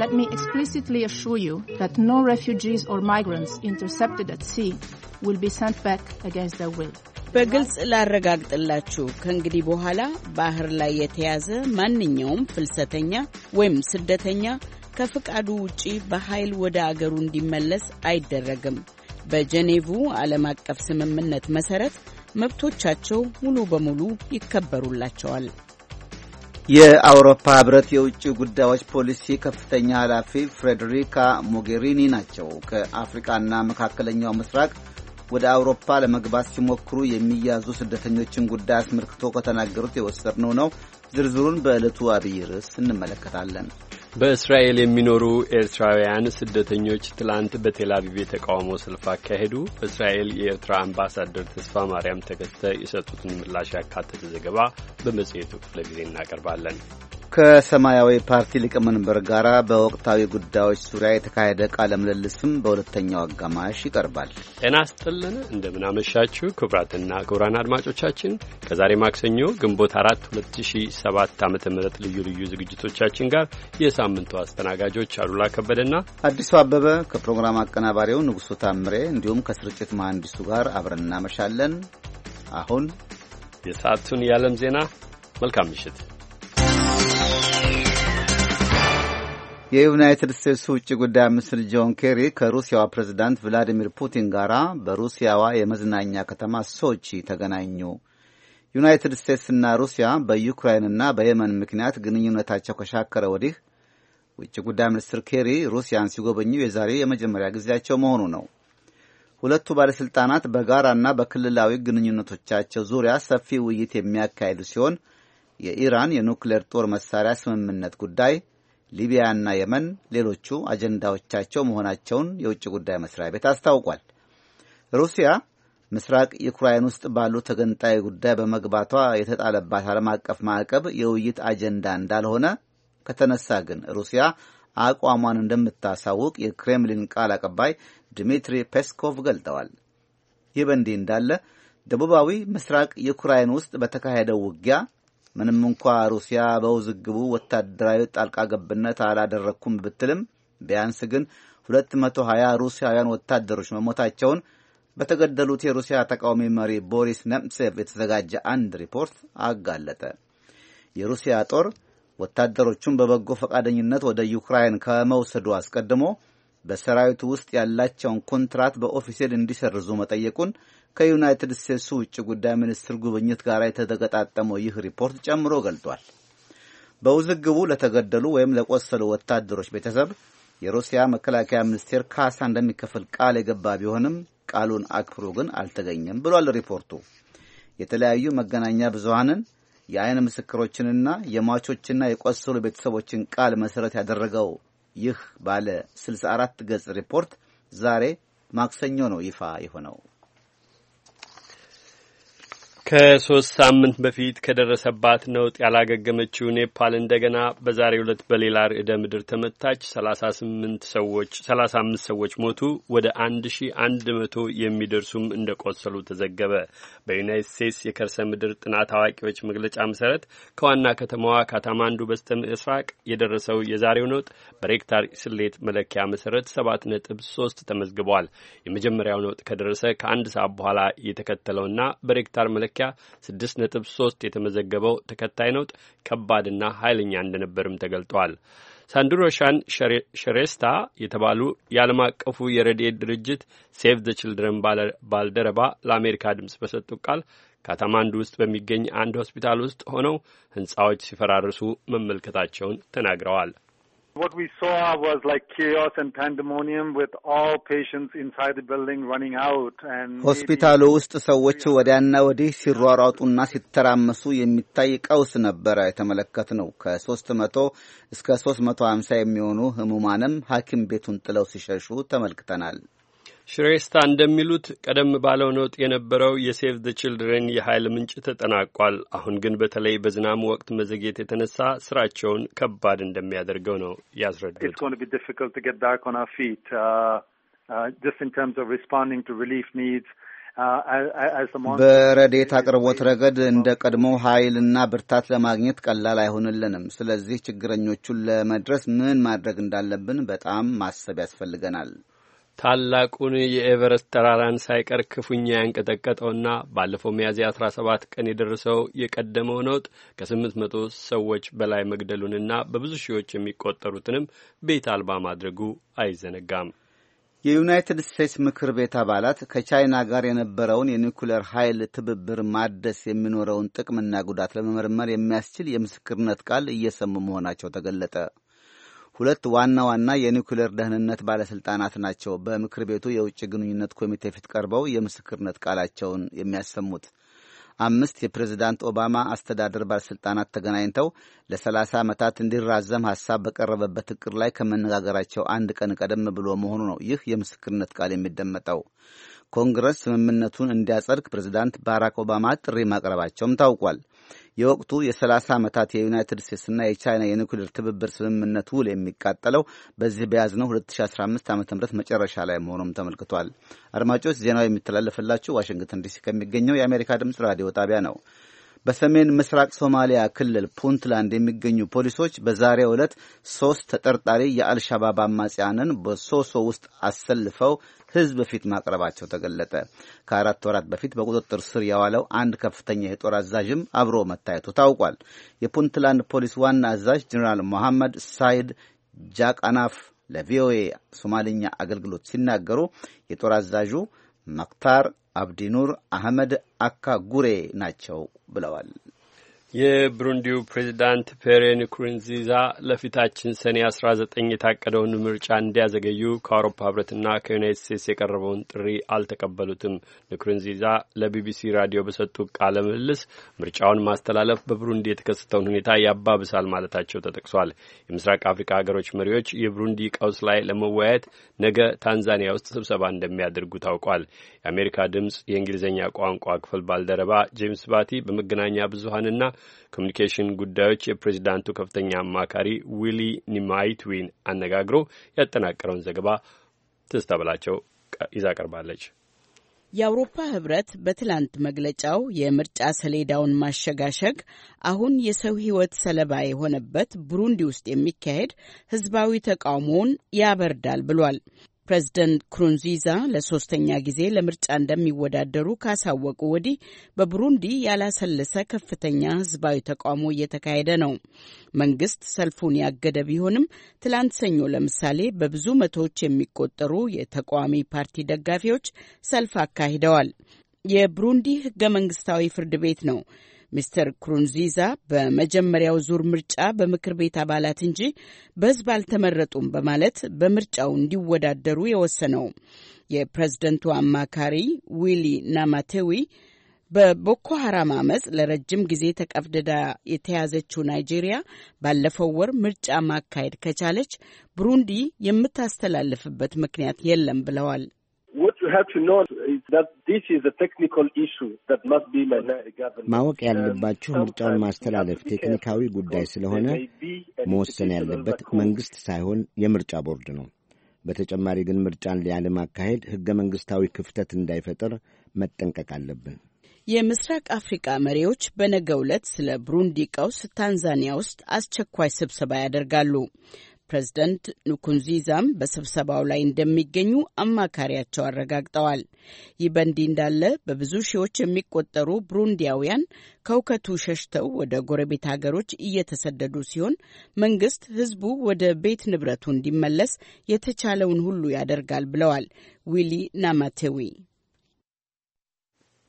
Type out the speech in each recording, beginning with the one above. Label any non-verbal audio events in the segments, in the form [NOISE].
Let me explicitly assure you that no refugees or migrants intercepted at sea will be sent back against their will. በግልጽ ላረጋግጥላችሁ ከእንግዲህ በኋላ ባህር ላይ የተያዘ ማንኛውም ፍልሰተኛ ወይም ስደተኛ ከፍቃዱ ውጪ በኃይል ወደ አገሩ እንዲመለስ አይደረግም። በጀኔቭ ዓለም አቀፍ ስምምነት መሠረት መብቶቻቸው ሙሉ በሙሉ ይከበሩላቸዋል። የአውሮፓ ህብረት የውጭ ጉዳዮች ፖሊሲ ከፍተኛ ኃላፊ ፍሬዴሪካ ሞጌሪኒ ናቸው። ከአፍሪቃና መካከለኛው ምስራቅ ወደ አውሮፓ ለመግባት ሲሞክሩ የሚያዙ ስደተኞችን ጉዳይ አስመልክቶ ከተናገሩት የወሰድነው ነው። ዝርዝሩን በዕለቱ አብይ ርዕስ እንመለከታለን። በእስራኤል የሚኖሩ ኤርትራውያን ስደተኞች ትላንት በቴላቪቭ የተቃውሞ ሰልፍ አካሄዱ። በእስራኤል የኤርትራ አምባሳደር ተስፋ ማርያም ተከስተ የሰጡትን ምላሽ ያካተተ ዘገባ በመጽሔቱ ክፍለ ጊዜ እናቀርባለን። ከሰማያዊ ፓርቲ ሊቀመንበር ጋር በወቅታዊ ጉዳዮች ዙሪያ የተካሄደ ቃለ ምልልስም በሁለተኛው አጋማሽ ይቀርባል። ጤና ስጥልን፣ እንደምናመሻችሁ ክቡራትና ክቡራን አድማጮቻችን ከዛሬ ማክሰኞ ግንቦት አራት 2007 ዓ ም ልዩ ልዩ ዝግጅቶቻችን ጋር የሳምንቱ አስተናጋጆች አሉላ ከበደና አዲሱ አበበ ከፕሮግራም አቀናባሪው ንጉሱ ታምሬ እንዲሁም ከስርጭት መሐንዲሱ ጋር አብረን እናመሻለን። አሁን የሰዓቱን የዓለም ዜና። መልካም ምሽት። የዩናይትድ ስቴትስ ውጭ ጉዳይ ሚኒስትር ጆን ኬሪ ከሩሲያዋ ፕሬዝዳንት ቭላዲሚር ፑቲን ጋር በሩሲያዋ የመዝናኛ ከተማ ሶቺ ተገናኙ። ዩናይትድ ስቴትስና ሩሲያ በዩክራይንና በየመን ምክንያት ግንኙነታቸው ከሻከረ ወዲህ ውጭ ጉዳይ ሚኒስትር ኬሪ ሩሲያን ሲጎበኙ የዛሬ የመጀመሪያ ጊዜያቸው መሆኑ ነው። ሁለቱ ባለሥልጣናት በጋራና በክልላዊ ግንኙነቶቻቸው ዙሪያ ሰፊ ውይይት የሚያካሂዱ ሲሆን የኢራን የኑክሌር ጦር መሳሪያ ስምምነት ጉዳይ ሊቢያና የመን ሌሎቹ አጀንዳዎቻቸው መሆናቸውን የውጭ ጉዳይ መስሪያ ቤት አስታውቋል። ሩሲያ ምስራቅ ዩክራይን ውስጥ ባሉ ተገንጣይ ጉዳይ በመግባቷ የተጣለባት ዓለም አቀፍ ማዕቀብ የውይይት አጀንዳ እንዳልሆነ ከተነሳ ግን ሩሲያ አቋሟን እንደምታሳውቅ የክሬምሊን ቃል አቀባይ ድሚትሪ ፔስኮቭ ገልጠዋል። ይህ በእንዲህ እንዳለ ደቡባዊ ምስራቅ ዩክራይን ውስጥ በተካሄደው ውጊያ ምንም እንኳ ሩሲያ በውዝግቡ ወታደራዊ ጣልቃ ገብነት አላደረግኩም ብትልም ቢያንስ ግን 220 ሩሲያውያን ወታደሮች መሞታቸውን በተገደሉት የሩሲያ ተቃዋሚ መሪ ቦሪስ ነምሴቭ የተዘጋጀ አንድ ሪፖርት አጋለጠ። የሩሲያ ጦር ወታደሮቹን በበጎ ፈቃደኝነት ወደ ዩክራይን ከመውሰዱ አስቀድሞ በሰራዊቱ ውስጥ ያላቸውን ኮንትራት በኦፊሴል እንዲሰርዙ መጠየቁን ከዩናይትድ ስቴትሱ ውጭ ጉዳይ ሚኒስትር ጉብኝት ጋር የተገጣጠመው ይህ ሪፖርት ጨምሮ ገልጧል። በውዝግቡ ለተገደሉ ወይም ለቆሰሉ ወታደሮች ቤተሰብ የሩሲያ መከላከያ ሚኒስቴር ካሳ እንደሚከፍል ቃል የገባ ቢሆንም ቃሉን አክብሮ ግን አልተገኘም ብሏል ሪፖርቱ። የተለያዩ መገናኛ ብዙሃንን የአይን ምስክሮችንና የሟቾችና የቆሰሉ ቤተሰቦችን ቃል መሰረት ያደረገው ይህ ባለ 64 ገጽ ሪፖርት ዛሬ ማክሰኞ ነው ይፋ የሆነው። ከሶስት ሳምንት በፊት ከደረሰባት ነውጥ ያላገገመችው ኔፓል እንደገና በዛሬ ዕለት በሌላ ርዕደ ምድር ተመታች። ሰላሳ ስምንት ሰዎች ሰላሳ አምስት ሰዎች ሞቱ። ወደ አንድ ሺ አንድ መቶ የሚደርሱም እንደ ቆሰሉ ተዘገበ። በዩናይት ስቴትስ የከርሰ ምድር ጥናት አዋቂዎች መግለጫ መሰረት ከዋና ከተማዋ ካታማንዱ በስተ ምስራቅ የደረሰው የዛሬው ነውጥ በሬክታር ስሌት መለኪያ መሰረት ሰባት ነጥብ ሶስት ተመዝግቧል። የመጀመሪያው ነውጥ ከደረሰ ከአንድ ሰዓት በኋላ የተከተለውና በሬክታር መለኪያ ስድስት ነጥብ ሶስት የተመዘገበው ተከታይ ነውጥ ከባድና ኃይለኛ እንደነበርም ተገልጧል። ሳንድሮሻን ሸሬስታ የተባሉ የዓለም አቀፉ የረድኤት ድርጅት ሴቭ ዘ ችልድረን ባልደረባ ለአሜሪካ ድምፅ በሰጡ ቃል ካትማንዱ ውስጥ በሚገኝ አንድ ሆስፒታል ውስጥ ሆነው ሕንፃዎች ሲፈራርሱ መመልከታቸውን ተናግረዋል። What we saw was like chaos and pandemonium with all patients inside the building running out and ሆስፒታሉ ውስጥ ሰዎች ወዲያና ወዲህ ሲሯሯጡና ሲተራመሱ የሚታይ ቀውስ ነበረ የተመለከት ነው። ከሶስት መቶ እስከ ሶስት መቶ የሚሆኑ ህሙማንም ሐኪም ቤቱን ጥለው ሲሸሹ ተመልክተናል። ሽሬስታ እንደሚሉት ቀደም ባለው ነውጥ የነበረው የሴቭ ዘ ችልድረን የኃይል ምንጭ ተጠናቋል። አሁን ግን በተለይ በዝናሙ ወቅት መዘግየት የተነሳ ስራቸውን ከባድ እንደሚያደርገው ነው ያስረዱት። uh, uh, uh, በረዴት አቅርቦት ረገድ እንደ ቀድሞ ኃይልና ብርታት ለማግኘት ቀላል አይሆንልንም። ስለዚህ ችግረኞቹን ለመድረስ ምን ማድረግ እንዳለብን በጣም ማሰብ ያስፈልገናል። ታላቁን የኤቨረስት ተራራን ሳይቀር ክፉኛ ያንቀጠቀጠውና ባለፈው ሚያዝያ 17 ቀን የደረሰው የቀደመው ነውጥ ከ800 ሰዎች በላይ መግደሉንና በብዙ ሺዎች የሚቆጠሩትንም ቤት አልባ ማድረጉ አይዘነጋም። የዩናይትድ ስቴትስ ምክር ቤት አባላት ከቻይና ጋር የነበረውን የኒኩሌር ኃይል ትብብር ማደስ የሚኖረውን ጥቅምና ጉዳት ለመመርመር የሚያስችል የምስክርነት ቃል እየሰሙ መሆናቸው ተገለጠ። ሁለት ዋና ዋና የኒውክሌር ደህንነት ባለሥልጣናት ናቸው በምክር ቤቱ የውጭ ግንኙነት ኮሚቴ ፊት ቀርበው የምስክርነት ቃላቸውን የሚያሰሙት። አምስት የፕሬዝዳንት ኦባማ አስተዳደር ባለሥልጣናት ተገናኝተው ለሰላሳ ዓመታት እንዲራዘም ሐሳብ በቀረበበት ዕቅድ ላይ ከመነጋገራቸው አንድ ቀን ቀደም ብሎ መሆኑ ነው ይህ የምስክርነት ቃል የሚደመጠው። ኮንግረስ ስምምነቱን እንዲያጸድቅ ፕሬዝዳንት ባራክ ኦባማ ጥሪ ማቅረባቸውም ታውቋል። የወቅቱ የ30 ዓመታት የዩናይትድ ስቴትስና የቻይና የኒውክሌር ትብብር ስምምነት ውል የሚቃጠለው በዚህ በያዝነው 2015 ዓ ም መጨረሻ ላይ መሆኑም ተመልክቷል። አድማጮች ዜናው የሚተላለፍላችሁ ዋሽንግተን ዲሲ ከሚገኘው የአሜሪካ ድምፅ ራዲዮ ጣቢያ ነው። በሰሜን ምስራቅ ሶማሊያ ክልል ፑንትላንድ የሚገኙ ፖሊሶች በዛሬው ዕለት ሶስት ተጠርጣሪ የአልሻባብ አማጽያንን በሶሶ ውስጥ አሰልፈው ሕዝብ ፊት ማቅረባቸው ተገለጠ። ከአራት ወራት በፊት በቁጥጥር ስር የዋለው አንድ ከፍተኛ የጦር አዛዥም አብሮ መታየቱ ታውቋል። የፑንትላንድ ፖሊስ ዋና አዛዥ ጀኔራል ሞሐመድ ሳይድ ጃቃናፍ ለቪኦኤ ሶማልኛ አገልግሎት ሲናገሩ የጦር አዛዡ መክታር አብዲኑር አህመድ አካ ጉሬ ናቸው ብለዋል። የብሩንዲው ፕሬዚዳንት ፔሬ ንኩሩንዚዛ ለፊታችን ሰኔ አስራ ዘጠኝ የታቀደውን ምርጫ እንዲያዘገዩ ከአውሮፓ ህብረትና ከዩናይት ስቴትስ የቀረበውን ጥሪ አልተቀበሉትም። ንኩሩንዚዛ ለቢቢሲ ራዲዮ በሰጡ ቃለ ምልልስ ምርጫውን ማስተላለፍ በብሩንዲ የተከሰተውን ሁኔታ ያባብሳል ማለታቸው ተጠቅሷል። የምስራቅ አፍሪካ ሀገሮች መሪዎች የብሩንዲ ቀውስ ላይ ለመወያየት ነገ ታንዛኒያ ውስጥ ስብሰባ እንደሚያደርጉ ታውቋል። የአሜሪካ ድምጽ የእንግሊዝኛ ቋንቋ ክፍል ባልደረባ ጄምስ ባቲ በመገናኛ ብዙሀንና ኮሚኒኬሽን ጉዳዮች የፕሬዚዳንቱ ከፍተኛ አማካሪ ዊሊ ኒማይትዊን አነጋግሮ ያጠናቀረውን ዘገባ ትዝታ በላቸው ይዛ ቀርባለች። የአውሮፓ ህብረት በትላንት መግለጫው የምርጫ ሰሌዳውን ማሸጋሸግ አሁን የሰው ህይወት ሰለባ የሆነበት ቡሩንዲ ውስጥ የሚካሄድ ህዝባዊ ተቃውሞውን ያበርዳል ብሏል። ፕሬዝደንት ክሩንዚዛ ለሶስተኛ ጊዜ ለምርጫ እንደሚወዳደሩ ካሳወቁ ወዲህ በቡሩንዲ ያላሰለሰ ከፍተኛ ህዝባዊ ተቃውሞ እየተካሄደ ነው። መንግስት ሰልፉን ያገደ ቢሆንም ትላንት ሰኞ ለምሳሌ በብዙ መቶዎች የሚቆጠሩ የተቃዋሚ ፓርቲ ደጋፊዎች ሰልፍ አካሂደዋል። የብሩንዲ ህገ መንግስታዊ ፍርድ ቤት ነው ሚስተር ክሩንዚዛ በመጀመሪያው ዙር ምርጫ በምክር ቤት አባላት እንጂ በሕዝብ አልተመረጡም በማለት በምርጫው እንዲወዳደሩ የወሰነው። የፕሬዝደንቱ አማካሪ ዊሊ ናማቴዊ በቦኮ ሀራም አመፅ ለረጅም ጊዜ ተቀፍድዳ የተያዘችው ናይጄሪያ ባለፈው ወር ምርጫ ማካሄድ ከቻለች ብሩንዲ የምታስተላልፍበት ምክንያት የለም ብለዋል። ማወቅ ያለባችሁ um, ምርጫውን ማስተላለፍ ቴክኒካዊ ጉዳይ ስለሆነ መወሰን ያለበት መንግስት ሳይሆን የምርጫ ቦርድ ነው። በተጨማሪ ግን ምርጫን ያለ አካሄድ ሕገ ክፍተት እንዳይፈጠር መጠንቀቅ አለብን። የምስራቅ አፍሪቃ መሪዎች በነገ ዕለት ስለ ብሩንዲ ቀውስ ታንዛኒያ ውስጥ አስቸኳይ ስብሰባ ያደርጋሉ። ፕሬዚደንት ንኩንዚዛም በስብሰባው ላይ እንደሚገኙ አማካሪያቸው አረጋግጠዋል። ይህ በእንዲህ እንዳለ በብዙ ሺዎች የሚቆጠሩ ብሩንዲያውያን ከእውከቱ ሸሽተው ወደ ጎረቤት ሀገሮች እየተሰደዱ ሲሆን መንግስት ህዝቡ ወደ ቤት ንብረቱ እንዲመለስ የተቻለውን ሁሉ ያደርጋል ብለዋል ዊሊ ናማቴዊ።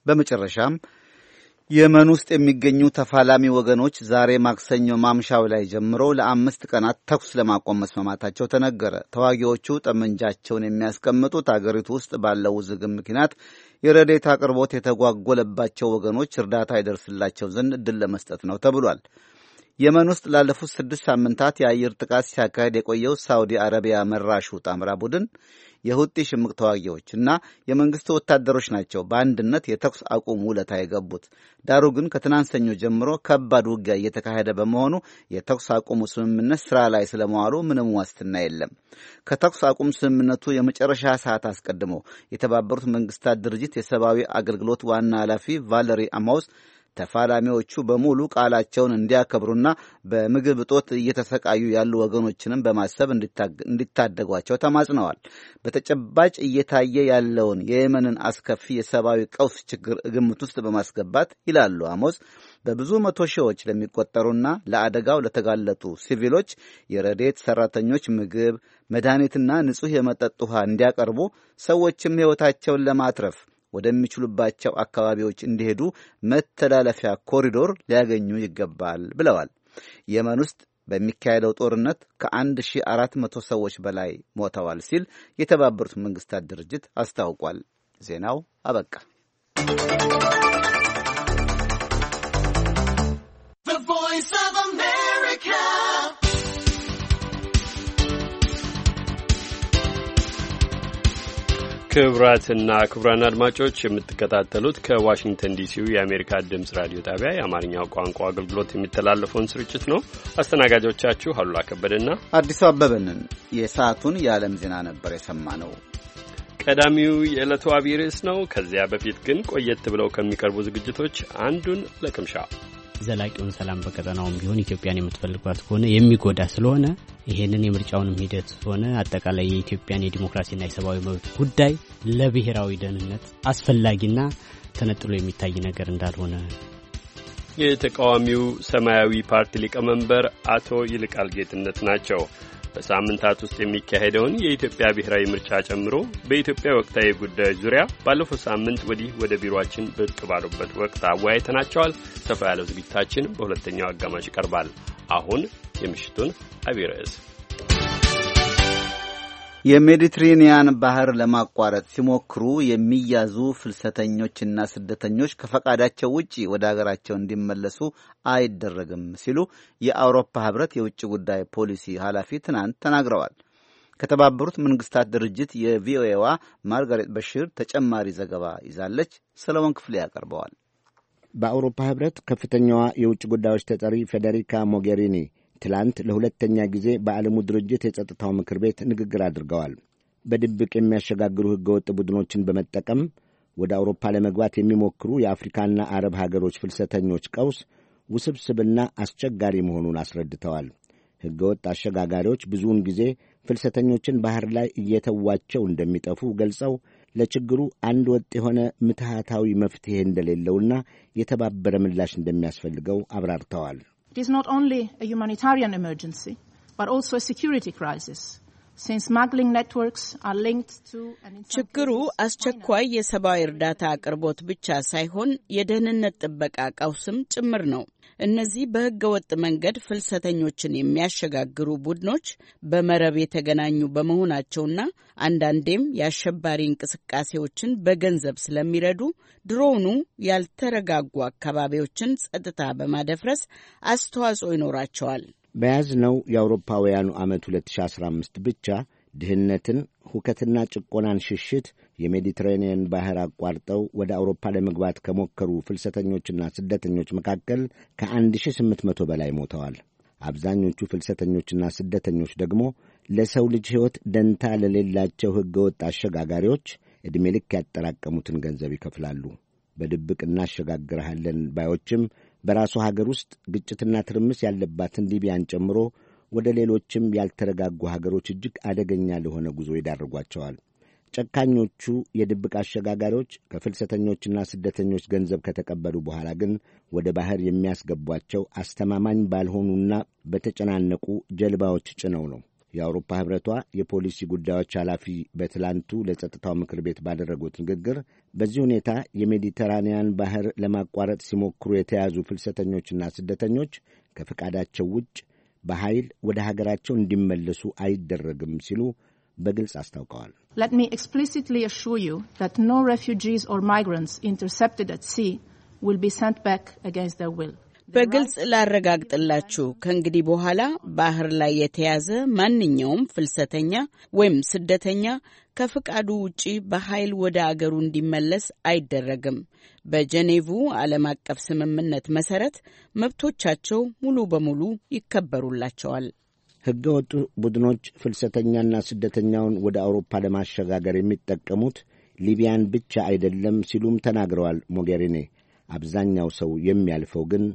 በመጨረሻም የመን ውስጥ የሚገኙ ተፋላሚ ወገኖች ዛሬ ማክሰኞ ማምሻው ላይ ጀምሮ ለአምስት ቀናት ተኩስ ለማቆም መስማማታቸው ተነገረ። ተዋጊዎቹ ጠመንጃቸውን የሚያስቀምጡት አገሪቱ ውስጥ ባለው ውዝግብ ምክንያት የረዴት አቅርቦት የተጓጎለባቸው ወገኖች እርዳታ ይደርስላቸው ዘንድ እድል ለመስጠት ነው ተብሏል። የመን ውስጥ ላለፉት ስድስት ሳምንታት የአየር ጥቃት ሲያካሄድ የቆየው ሳውዲ አረቢያ መራሹ ጣምራ ቡድን የሁጢ ሽምቅ ተዋጊዎች እና የመንግስቱ ወታደሮች ናቸው በአንድነት የተኩስ አቁም ውለታ የገቡት። ዳሩ ግን ከትናንት ሰኞ ጀምሮ ከባድ ውጊያ እየተካሄደ በመሆኑ የተኩስ አቁሙ ስምምነት ስራ ላይ ስለመዋሉ ምንም ዋስትና የለም። ከተኩስ አቁም ስምምነቱ የመጨረሻ ሰዓት አስቀድሞ የተባበሩት መንግስታት ድርጅት የሰብአዊ አገልግሎት ዋና ኃላፊ ቫለሪ አማውስ ተፋላሚዎቹ በሙሉ ቃላቸውን እንዲያከብሩና በምግብ እጦት እየተሰቃዩ ያሉ ወገኖችንም በማሰብ እንዲታደጓቸው ተማጽነዋል። በተጨባጭ እየታየ ያለውን የየመንን አስከፊ የሰብአዊ ቀውስ ችግር ግምት ውስጥ በማስገባት ይላሉ አሞስ በብዙ መቶ ሺዎች ለሚቆጠሩና ለአደጋው ለተጋለጡ ሲቪሎች የረዴት ሰራተኞች ምግብ፣ መድኃኒትና ንጹሕ የመጠጥ ውሃ እንዲያቀርቡ ሰዎችም ሕይወታቸውን ለማትረፍ ወደሚችሉባቸው አካባቢዎች እንዲሄዱ መተላለፊያ ኮሪዶር ሊያገኙ ይገባል ብለዋል። የመን ውስጥ በሚካሄደው ጦርነት ከ1400 ሰዎች በላይ ሞተዋል ሲል የተባበሩት መንግስታት ድርጅት አስታውቋል። ዜናው አበቃ። ክቡራትና ክቡራን አድማጮች የምትከታተሉት ከዋሽንግተን ዲሲው የአሜሪካ ድምፅ ራዲዮ ጣቢያ የአማርኛው ቋንቋ አገልግሎት የሚተላለፈውን ስርጭት ነው። አስተናጋጆቻችሁ አሉላ ከበደና አዲሱ አበበንን የሰዓቱን የዓለም ዜና ነበር የሰማ ነው። ቀዳሚው የዕለቱ አብይ ርዕስ ነው። ከዚያ በፊት ግን ቆየት ብለው ከሚቀርቡ ዝግጅቶች አንዱን ለቅምሻ ዘላቂውን ሰላም በቀጠናውም ቢሆን ኢትዮጵያን የምትፈልጓት ከሆነ የሚጎዳ ስለሆነ ይሄንን የምርጫውንም ሂደት ሆነ አጠቃላይ የኢትዮጵያን የዲሞክራሲና የሰብአዊ መብት ጉዳይ ለብሔራዊ ደህንነት አስፈላጊና ተነጥሎ የሚታይ ነገር እንዳልሆነ የተቃዋሚው ሰማያዊ ፓርቲ ሊቀመንበር አቶ ይልቃል ጌትነት ናቸው። በሳምንታት ውስጥ የሚካሄደውን የኢትዮጵያ ብሔራዊ ምርጫ ጨምሮ በኢትዮጵያ ወቅታዊ ጉዳዮች ዙሪያ ባለፈው ሳምንት ወዲህ ወደ ቢሮችን ብቅ ባሉበት ወቅት አወያይተናቸዋል። ሰፋ ያለው ዝግጅታችን በሁለተኛው አጋማሽ ይቀርባል። አሁን የምሽቱን አብይ ርዕስ የሜዲትሬንያን ባህር ለማቋረጥ ሲሞክሩ የሚያዙ ፍልሰተኞችና ስደተኞች ከፈቃዳቸው ውጪ ወደ አገራቸው እንዲመለሱ አይደረግም ሲሉ የአውሮፓ ህብረት የውጭ ጉዳይ ፖሊሲ ኃላፊ ትናንት ተናግረዋል። ከተባበሩት መንግስታት ድርጅት የቪኦኤዋ ማርጋሬት በሽር ተጨማሪ ዘገባ ይዛለች። ሰለሞን ክፍሌ ያቀርበዋል። በአውሮፓ ህብረት ከፍተኛዋ የውጭ ጉዳዮች ተጠሪ ፌዴሪካ ሞጌሪኒ ትላንት ለሁለተኛ ጊዜ በዓለሙ ድርጅት የጸጥታው ምክር ቤት ንግግር አድርገዋል። በድብቅ የሚያሸጋግሩ ሕገወጥ ቡድኖችን በመጠቀም ወደ አውሮፓ ለመግባት የሚሞክሩ የአፍሪካና አረብ ሀገሮች ፍልሰተኞች ቀውስ ውስብስብና አስቸጋሪ መሆኑን አስረድተዋል። ሕገወጥ አሸጋጋሪዎች ብዙውን ጊዜ ፍልሰተኞችን ባሕር ላይ እየተዋቸው እንደሚጠፉ ገልጸው ለችግሩ አንድ ወጥ የሆነ ምትሃታዊ መፍትሔ እንደሌለውና የተባበረ ምላሽ እንደሚያስፈልገው አብራርተዋል። It is not only a humanitarian emergency, but also a security crisis ችግሩ አስቸኳይ የሰብአዊ እርዳታ አቅርቦት ብቻ ሳይሆን የደህንነት ጥበቃ ቀውስም ጭምር ነው። እነዚህ በህገ ወጥ መንገድ ፍልሰተኞችን የሚያሸጋግሩ ቡድኖች በመረብ የተገናኙ በመሆናቸውና አንዳንዴም የአሸባሪ እንቅስቃሴዎችን በገንዘብ ስለሚረዱ ድሮኑ ያልተረጋጉ አካባቢዎችን ጸጥታ በማደፍረስ አስተዋጽኦ ይኖራቸዋል። በያዝነው የአውሮፓውያኑ ዓመት 2015 ብቻ ድህነትን፣ ሁከትና ጭቆናን ሽሽት የሜዲትሬኒየን ባህር አቋርጠው ወደ አውሮፓ ለመግባት ከሞከሩ ፍልሰተኞችና ስደተኞች መካከል ከ1800 በላይ ሞተዋል። አብዛኞቹ ፍልሰተኞችና ስደተኞች ደግሞ ለሰው ልጅ ሕይወት ደንታ ለሌላቸው ወጥ አሸጋጋሪዎች ዕድሜ ልክ ያጠራቀሙትን ገንዘብ ይከፍላሉ። በድብቅ እናሸጋግርሃለን ባዮችም በራሱ ሀገር ውስጥ ግጭትና ትርምስ ያለባትን ሊቢያን ጨምሮ ወደ ሌሎችም ያልተረጋጉ ሀገሮች እጅግ አደገኛ ለሆነ ጉዞ ይዳርጓቸዋል። ጨካኞቹ የድብቅ አሸጋጋሪዎች ከፍልሰተኞችና ስደተኞች ገንዘብ ከተቀበሉ በኋላ ግን ወደ ባህር የሚያስገቧቸው አስተማማኝ ባልሆኑና በተጨናነቁ ጀልባዎች ጭነው ነው። የአውሮፓ ህብረቷ የፖሊሲ ጉዳዮች ኃላፊ በትላንቱ ለጸጥታው ምክር ቤት ባደረጉት ንግግር በዚህ ሁኔታ የሜዲተራንያን ባህር ለማቋረጥ ሲሞክሩ የተያዙ ፍልሰተኞችና ስደተኞች ከፈቃዳቸው ውጭ በኃይል ወደ ሀገራቸው እንዲመለሱ አይደረግም ሲሉ በግልጽ አስታውቀዋል። Let me explicitly assure you that no refugees or migrants intercepted at sea will be sent back against their will. በግልጽ ላረጋግጥላችሁ፣ ከእንግዲህ በኋላ ባህር ላይ የተያዘ ማንኛውም ፍልሰተኛ ወይም ስደተኛ ከፍቃዱ ውጪ በኃይል ወደ አገሩ እንዲመለስ አይደረግም። በጀኔቭ ዓለም አቀፍ ስምምነት መሰረት መብቶቻቸው ሙሉ በሙሉ ይከበሩላቸዋል። ሕገወጡ ቡድኖች ፍልሰተኛና ስደተኛውን ወደ አውሮፓ ለማሸጋገር የሚጠቀሙት ሊቢያን ብቻ አይደለም ሲሉም ተናግረዋል ሞጌሪኒ። አብዛኛው ሰው የሚያልፈው ግን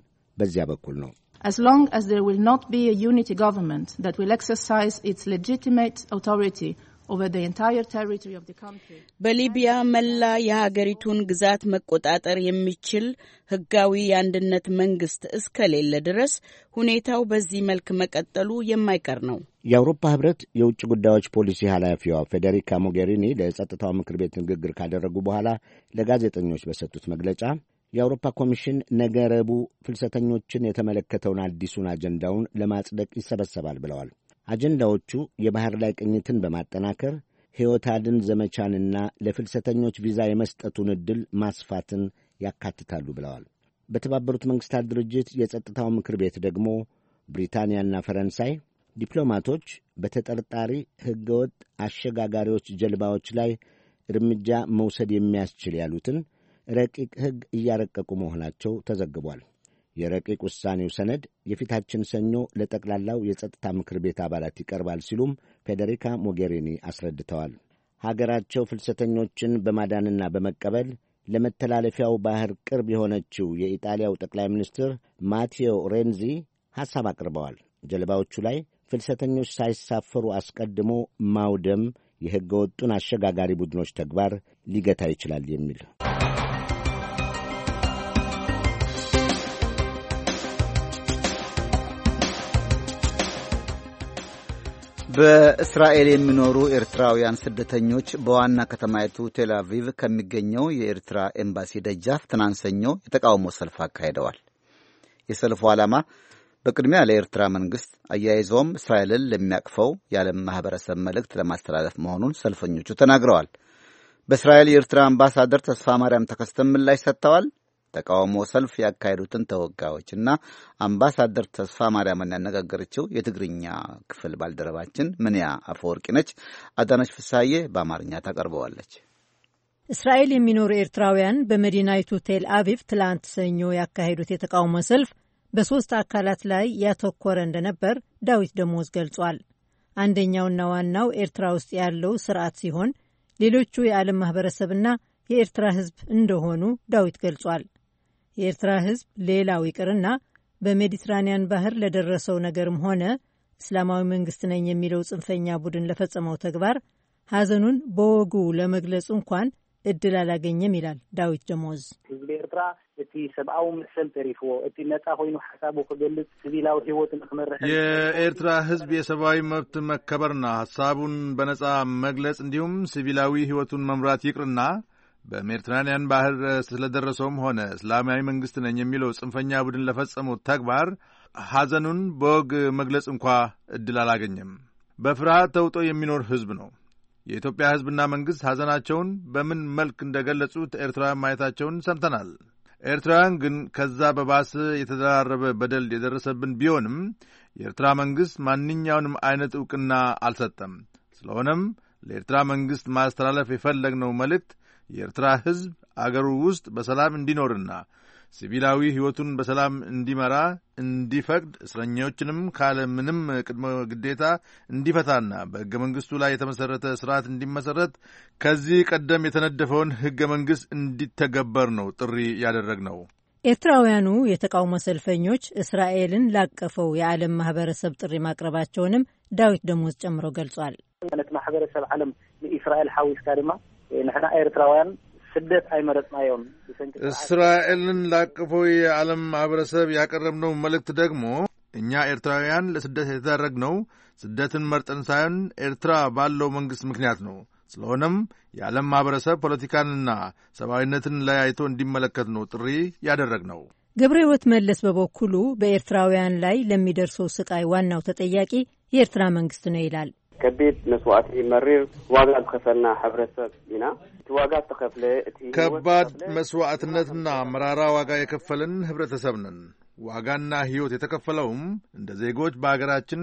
በዚያ በኩል ነው። as long as there will not be a unity government that will exercise its legitimate authority በሊቢያ መላ የሀገሪቱን ግዛት መቆጣጠር የሚችል ሕጋዊ የአንድነት መንግስት እስከሌለ ድረስ ሁኔታው በዚህ መልክ መቀጠሉ የማይቀር ነው። የአውሮፓ ህብረት የውጭ ጉዳዮች ፖሊሲ ኃላፊዋ ፌዴሪካ ሞጌሪኒ ለጸጥታው ምክር ቤት ንግግር ካደረጉ በኋላ ለጋዜጠኞች በሰጡት መግለጫ የአውሮፓ ኮሚሽን ነገ ረቡዕ ፍልሰተኞችን የተመለከተውን አዲሱን አጀንዳውን ለማጽደቅ ይሰበሰባል ብለዋል። አጀንዳዎቹ የባሕር ላይ ቅኝትን በማጠናከር ሕይወት አድን ዘመቻንና ለፍልሰተኞች ቪዛ የመስጠቱን ዕድል ማስፋትን ያካትታሉ ብለዋል። በተባበሩት መንግሥታት ድርጅት የጸጥታው ምክር ቤት ደግሞ ብሪታንያና ፈረንሳይ ዲፕሎማቶች በተጠርጣሪ ሕገወጥ አሸጋጋሪዎች ጀልባዎች ላይ እርምጃ መውሰድ የሚያስችል ያሉትን ረቂቅ ሕግ እያረቀቁ መሆናቸው ተዘግቧል። የረቂቅ ውሳኔው ሰነድ የፊታችን ሰኞ ለጠቅላላው የጸጥታ ምክር ቤት አባላት ይቀርባል ሲሉም ፌዴሪካ ሞጌሪኒ አስረድተዋል። ሀገራቸው ፍልሰተኞችን በማዳንና በመቀበል ለመተላለፊያው ባህር ቅርብ የሆነችው የኢጣሊያው ጠቅላይ ሚኒስትር ማቴዎ ሬንዚ ሐሳብ አቅርበዋል። ጀልባዎቹ ላይ ፍልሰተኞች ሳይሳፈሩ አስቀድሞ ማውደም የሕገ ወጡን አሸጋጋሪ ቡድኖች ተግባር ሊገታ ይችላል የሚል በእስራኤል የሚኖሩ ኤርትራውያን ስደተኞች በዋና ከተማይቱ ቴል አቪቭ ከሚገኘው የኤርትራ ኤምባሲ ደጃፍ ትናንት ሰኞ የተቃውሞ ሰልፍ አካሂደዋል። የሰልፉ ዓላማ በቅድሚያ ለኤርትራ መንግሥት፣ አያይዘውም እስራኤልን ለሚያቅፈው የዓለም ማኅበረሰብ መልእክት ለማስተላለፍ መሆኑን ሰልፈኞቹ ተናግረዋል። በእስራኤል የኤርትራ አምባሳደር ተስፋ ማርያም ተከስተ ምላሽ ሰጥተዋል። ተቃውሞ ሰልፍ ያካሄዱትን ተወካዮችና አምባሳደር ተስፋ ማርያምን ያነጋገረችው የትግርኛ ክፍል ባልደረባችን ምንያ አፈወርቂ ነች። አዳነች ፍሳዬ በአማርኛ ታቀርበዋለች። እስራኤል የሚኖሩ ኤርትራውያን በመዲናይቱ ቴል አቪቭ ትላንት ሰኞ ያካሄዱት የተቃውሞ ሰልፍ በሦስት አካላት ላይ ያተኮረ እንደነበር ዳዊት ደሞዝ ገልጿል። አንደኛውና ዋናው ኤርትራ ውስጥ ያለው ስርዓት ሲሆን ሌሎቹ የዓለም ማኅበረሰብና የኤርትራ ሕዝብ እንደሆኑ ዳዊት ገልጿል። የኤርትራ ህዝብ ሌላው ይቅርና በሜዲትራኒያን ባህር ለደረሰው ነገርም ሆነ እስላማዊ መንግስት ነኝ የሚለው ጽንፈኛ ቡድን ለፈጸመው ተግባር ሀዘኑን በወጉ ለመግለጹ እንኳን እድል አላገኘም ይላል ዳዊት ደሞዝ። ህዝቢ ኤርትራ እቲ ሰብአዊ ምስል ተሪፍዎ እቲ ነፃ ኮይኑ ሓሳቡ ክገልጽ ሲቪላዊ ህይወት ንክመርሕ የኤርትራ ህዝብ የሰብአዊ መብት መከበርና ሀሳቡን በነፃ መግለጽ እንዲሁም ሲቪላዊ ህይወቱን መምራት ይቅርና በሜዲትራንያን ባህር ስለደረሰውም ሆነ እስላማዊ መንግስት ነኝ የሚለው ጽንፈኛ ቡድን ለፈጸሙት ተግባር ሐዘኑን በወግ መግለጽ እንኳ ዕድል አላገኘም። በፍርሃት ተውጦ የሚኖር ሕዝብ ነው። የኢትዮጵያ ሕዝብና መንግሥት ሐዘናቸውን በምን መልክ እንደ ገለጹት ኤርትራውያን ማየታቸውን ሰምተናል። ኤርትራውያን ግን ከዛ በባሰ የተደራረበ በደል የደረሰብን ቢሆንም የኤርትራ መንግሥት ማንኛውንም አይነት ዕውቅና አልሰጠም። ስለሆነም ለኤርትራ መንግሥት ማስተላለፍ የፈለግነው መልእክት የኤርትራ ሕዝብ አገሩ ውስጥ በሰላም እንዲኖርና ሲቪላዊ ሕይወቱን በሰላም እንዲመራ እንዲፈቅድ እስረኞችንም ካለ ምንም ቅድመ ግዴታ እንዲፈታና በሕገ መንግሥቱ ላይ የተመሠረተ ሥርዓት እንዲመሠረት ከዚህ ቀደም የተነደፈውን ሕገ መንግሥት እንዲተገበር ነው ጥሪ ያደረግነው። ኤርትራውያኑ የተቃውሞ ሰልፈኞች እስራኤልን ላቀፈው የዓለም ማህበረሰብ ጥሪ ማቅረባቸውንም ዳዊት ደሞዝ ጨምሮ ገልጿል። ማሕበረሰብ ዓለም ንእስራኤል ሓዊስካ ድማ ንሕና ኤርትራውያን ስደት አይመረጽናዮም። እስራኤልን ላቅፈው የዓለም ማህበረሰብ ያቀረብነው መልእክት ደግሞ እኛ ኤርትራውያን ለስደት የተዳረግነው ስደትን መርጠን ሳይሆን ኤርትራ ባለው መንግሥት ምክንያት ነው። ስለሆነም የዓለም ማኅበረሰብ ፖለቲካንና ሰብአዊነትን ለያይቶ እንዲመለከት ነው ጥሪ ያደረግነው። ገብረ ሕይወት መለስ በበኩሉ በኤርትራውያን ላይ ለሚደርሰው ስቃይ ዋናው ተጠያቂ የኤርትራ መንግሥት ነው ይላል። ከቢድ መስዋዕቲ መሪር ዋጋ ዝከፈልና ሕብረተሰብ ኢና እቲ ዋጋ ዝተኸፍለ እቲ ከባድ መስዋዕትነትና መራራ ዋጋ የከፈልን ሕብረተሰብ ነን። ዋጋና ሕይወት የተከፈለውም እንደ ዜጎች በሀገራችን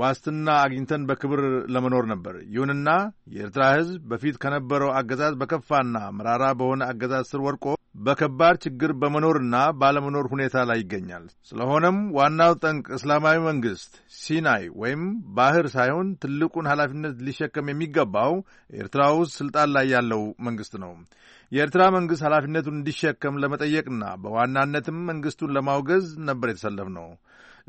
ዋስትና አግኝተን በክብር ለመኖር ነበር። ይሁንና የኤርትራ ሕዝብ በፊት ከነበረው አገዛዝ በከፋና መራራ በሆነ አገዛዝ ስር ወድቆ በከባድ ችግር በመኖርና ባለመኖር ሁኔታ ላይ ይገኛል። ስለሆነም ዋናው ጠንቅ እስላማዊ መንግስት ሲናይ ወይም ባህር ሳይሆን ትልቁን ኃላፊነት ሊሸከም የሚገባው ኤርትራ ውስጥ ስልጣን ላይ ያለው መንግስት ነው። የኤርትራ መንግስት ኃላፊነቱን እንዲሸከም ለመጠየቅና በዋናነትም መንግስቱን ለማውገዝ ነበር የተሰለፍ ነው።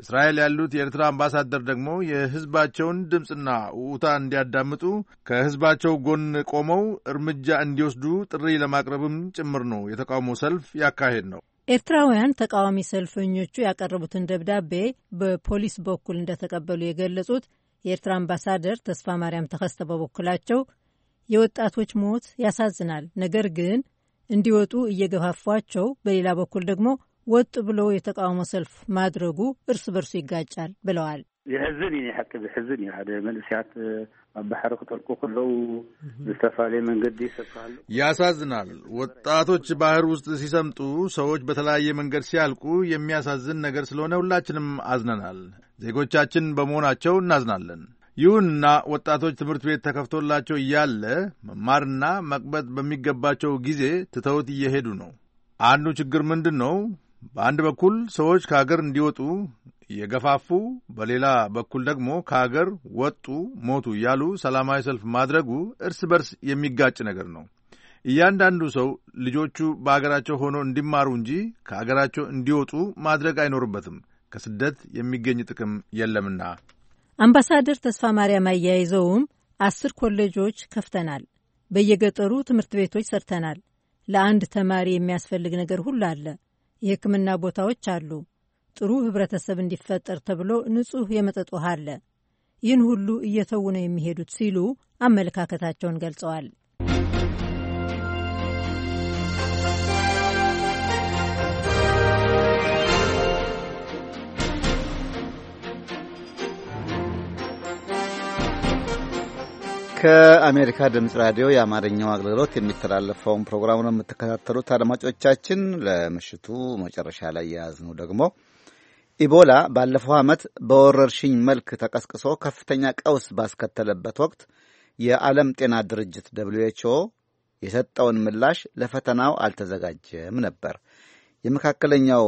እስራኤል ያሉት የኤርትራ አምባሳደር ደግሞ የህዝባቸውን ድምፅና ውታ እንዲያዳምጡ ከህዝባቸው ጎን ቆመው እርምጃ እንዲወስዱ ጥሪ ለማቅረብም ጭምር ነው የተቃውሞ ሰልፍ ያካሄድ ነው። ኤርትራውያን ተቃዋሚ ሰልፈኞቹ ያቀረቡትን ደብዳቤ በፖሊስ በኩል እንደተቀበሉ የገለጹት የኤርትራ አምባሳደር ተስፋ ማርያም ተከስተ በበኩላቸው የወጣቶች ሞት ያሳዝናል፣ ነገር ግን እንዲወጡ እየገፋፏቸው፣ በሌላ በኩል ደግሞ ወጥ ብሎ የተቃውሞ ሰልፍ ማድረጉ እርስ በርሱ ይጋጫል ብለዋል። የሕዝን እዩ ሓቂ ዝሕዝን እዩ ሓደ መንእስያት ኣብ ባሕሪ ክጠልቁ ከለዉ ዝተፈላለየ መንገዲ ይሰብሃሉ። ያሳዝናል። ወጣቶች ባህር ውስጥ ሲሰምጡ፣ ሰዎች በተለያየ መንገድ ሲያልቁ የሚያሳዝን ነገር ስለሆነ ሁላችንም አዝነናል። ዜጎቻችን በመሆናቸው እናዝናለን። ይሁንና ወጣቶች ትምህርት ቤት ተከፍቶላቸው እያለ መማርና መቅበጥ በሚገባቸው ጊዜ ትተውት እየሄዱ ነው። አንዱ ችግር ምንድን ነው? በአንድ በኩል ሰዎች ከአገር እንዲወጡ የገፋፉ፣ በሌላ በኩል ደግሞ ከአገር ወጡ ሞቱ እያሉ ሰላማዊ ሰልፍ ማድረጉ እርስ በርስ የሚጋጭ ነገር ነው። እያንዳንዱ ሰው ልጆቹ በአገራቸው ሆኖ እንዲማሩ እንጂ ከአገራቸው እንዲወጡ ማድረግ አይኖርበትም። ከስደት የሚገኝ ጥቅም የለምና። አምባሳደር ተስፋ ማርያም አያይዘውም አስር ኮሌጆች ከፍተናል፣ በየገጠሩ ትምህርት ቤቶች ሰርተናል፣ ለአንድ ተማሪ የሚያስፈልግ ነገር ሁሉ አለ የሕክምና ቦታዎች አሉ። ጥሩ ህብረተሰብ እንዲፈጠር ተብሎ ንጹህ የመጠጥ ውሃ አለ። ይህን ሁሉ እየተዉ ነው የሚሄዱት ሲሉ አመለካከታቸውን ገልጸዋል። ከአሜሪካ ድምፅ ራዲዮ የአማርኛው አገልግሎት የሚተላለፈውን ፕሮግራም ነው የምትከታተሉት አድማጮቻችን። ለምሽቱ መጨረሻ ላይ የያዝነው ደግሞ ኢቦላ ባለፈው ዓመት በወረርሽኝ መልክ ተቀስቅሶ ከፍተኛ ቀውስ ባስከተለበት ወቅት የዓለም ጤና ድርጅት ደብሊው ኤች ኦ የሰጠውን ምላሽ ለፈተናው አልተዘጋጀም ነበር። የመካከለኛው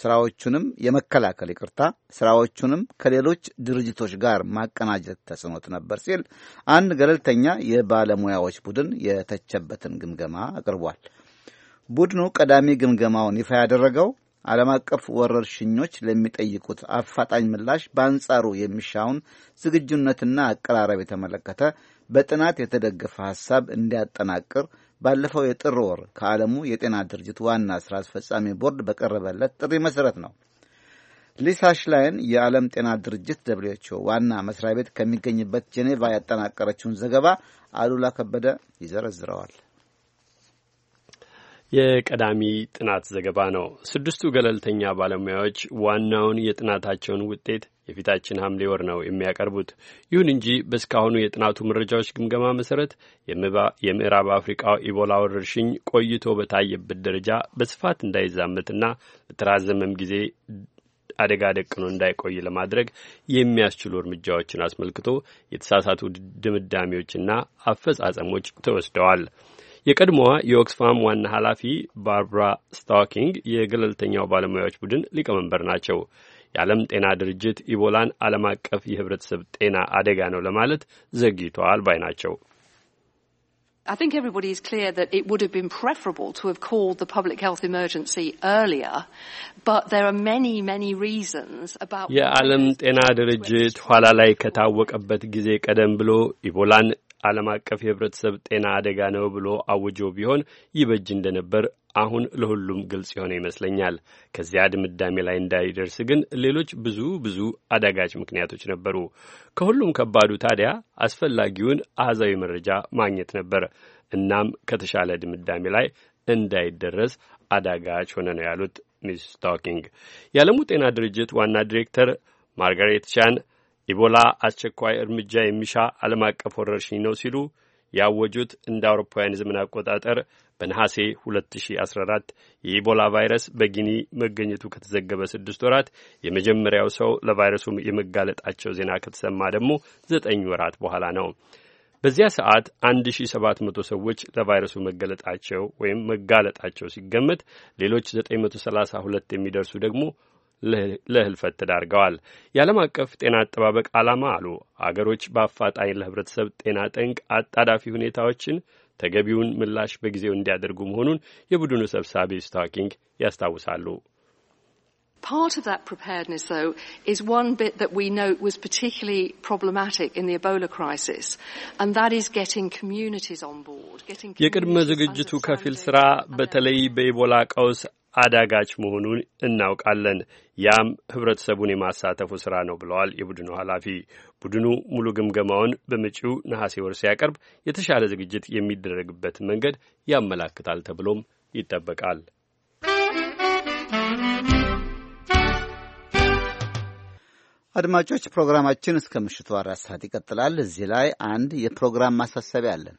ስራዎቹንም የመከላከል ይቅርታ ስራዎቹንም ከሌሎች ድርጅቶች ጋር ማቀናጀት ተስኖት ነበር ሲል አንድ ገለልተኛ የባለሙያዎች ቡድን የተቸበትን ግምገማ አቅርቧል። ቡድኑ ቀዳሚ ግምገማውን ይፋ ያደረገው ዓለም አቀፍ ወረርሽኞች ለሚጠይቁት አፋጣኝ ምላሽ በአንጻሩ የሚሻውን ዝግጁነትና አቀራረብ የተመለከተ በጥናት የተደገፈ ሐሳብ እንዲያጠናቅር ባለፈው የጥር ወር ከዓለሙ የጤና ድርጅት ዋና ስራ አስፈጻሚ ቦርድ በቀረበለት ጥሪ መሠረት ነው። ሊሳ ሽላይን የዓለም ጤና ድርጅት ደብሊውኤችኦ ዋና መስሪያ ቤት ከሚገኝበት ጄኔቫ ያጠናቀረችውን ዘገባ አሉላ ከበደ ይዘረዝረዋል። የቀዳሚ ጥናት ዘገባ ነው። ስድስቱ ገለልተኛ ባለሙያዎች ዋናውን የጥናታቸውን ውጤት የፊታችን ሐምሌ ወር ነው የሚያቀርቡት። ይሁን እንጂ በእስካሁኑ የጥናቱ መረጃዎች ግምገማ መሰረት የምዕራብ አፍሪቃው ኢቦላ ወረርሽኝ ቆይቶ በታየበት ደረጃ በስፋት እንዳይዛመትና ለተራዘመም ጊዜ አደጋ ደቅኖ እንዳይቆይ ለማድረግ የሚያስችሉ እርምጃዎችን አስመልክቶ የተሳሳቱ ድምዳሜዎችና አፈጻጸሞች ተወስደዋል። የቀድሞዋ የኦክስፋም ዋና ኃላፊ ባርብራ ስታኪንግ የገለልተኛው ባለሙያዎች ቡድን ሊቀመንበር ናቸው። የዓለም ጤና ድርጅት ኢቦላን ዓለም አቀፍ የህብረተሰብ ጤና አደጋ ነው ለማለት ዘግይተዋል ባይ ናቸው። I think everybody is clear that it would have been preferable to have called the public health emergency earlier, but there are many, many reasons about... የዓለም ጤና ድርጅት ኋላ ላይ ከታወቀበት ጊዜ ቀደም ብሎ ኢቦላን ዓለም አቀፍ የህብረተሰብ ጤና አደጋ ነው ብሎ አውጆ ቢሆን ይበጅ እንደነበር አሁን ለሁሉም ግልጽ የሆነ ይመስለኛል። ከዚያ ድምዳሜ ላይ እንዳይደርስ ግን ሌሎች ብዙ ብዙ አዳጋች ምክንያቶች ነበሩ። ከሁሉም ከባዱ ታዲያ አስፈላጊውን አሃዛዊ መረጃ ማግኘት ነበር። እናም ከተሻለ ድምዳሜ ላይ እንዳይደረስ አዳጋች ሆነ ነው ያሉት ሚስ ስቶኪንግ። የዓለሙ ጤና ድርጅት ዋና ዲሬክተር ማርጋሬት ቻን ኢቦላ አስቸኳይ እርምጃ የሚሻ ዓለም አቀፍ ወረርሽኝ ነው ሲሉ ያወጁት እንደ አውሮፓውያን ዘመን አቆጣጠር በነሐሴ 2014 የኢቦላ ቫይረስ በጊኒ መገኘቱ ከተዘገበ ስድስት ወራት የመጀመሪያው ሰው ለቫይረሱ የመጋለጣቸው ዜና ከተሰማ ደግሞ ዘጠኝ ወራት በኋላ ነው። በዚያ ሰዓት 1700 ሰዎች ለቫይረሱ መገለጣቸው ወይም መጋለጣቸው ሲገመት ሌሎች 932 የሚደርሱ ደግሞ ለህልፈት ተዳርገዋል። የዓለም አቀፍ ጤና አጠባበቅ ዓላማ አሉ አገሮች በአፋጣኝ ለህብረተሰብ ጤና ጠንቅ አጣዳፊ ሁኔታዎችን ተገቢውን ምላሽ በጊዜው እንዲያደርጉ መሆኑን የቡድኑ ሰብሳቢ ስታኪንግ ያስታውሳሉ። Part of that preparedness, though, is one bit that የቅድመ ዝግጅቱ ከፊል ስራ በተለይ በኢቦላ ቀውስ አዳጋች መሆኑን እናውቃለን። ያም ህብረተሰቡን የማሳተፉ ስራ ነው ብለዋል የቡድኑ ኃላፊ። ቡድኑ ሙሉ ግምገማውን በመጪው ነሐሴ ወር ሲያቀርብ የተሻለ ዝግጅት የሚደረግበት መንገድ ያመላክታል ተብሎም ይጠበቃል። አድማጮች ፕሮግራማችን እስከ ምሽቱ አራት ሰዓት ይቀጥላል። እዚህ ላይ አንድ የፕሮግራም ማሳሰቢያ አለን።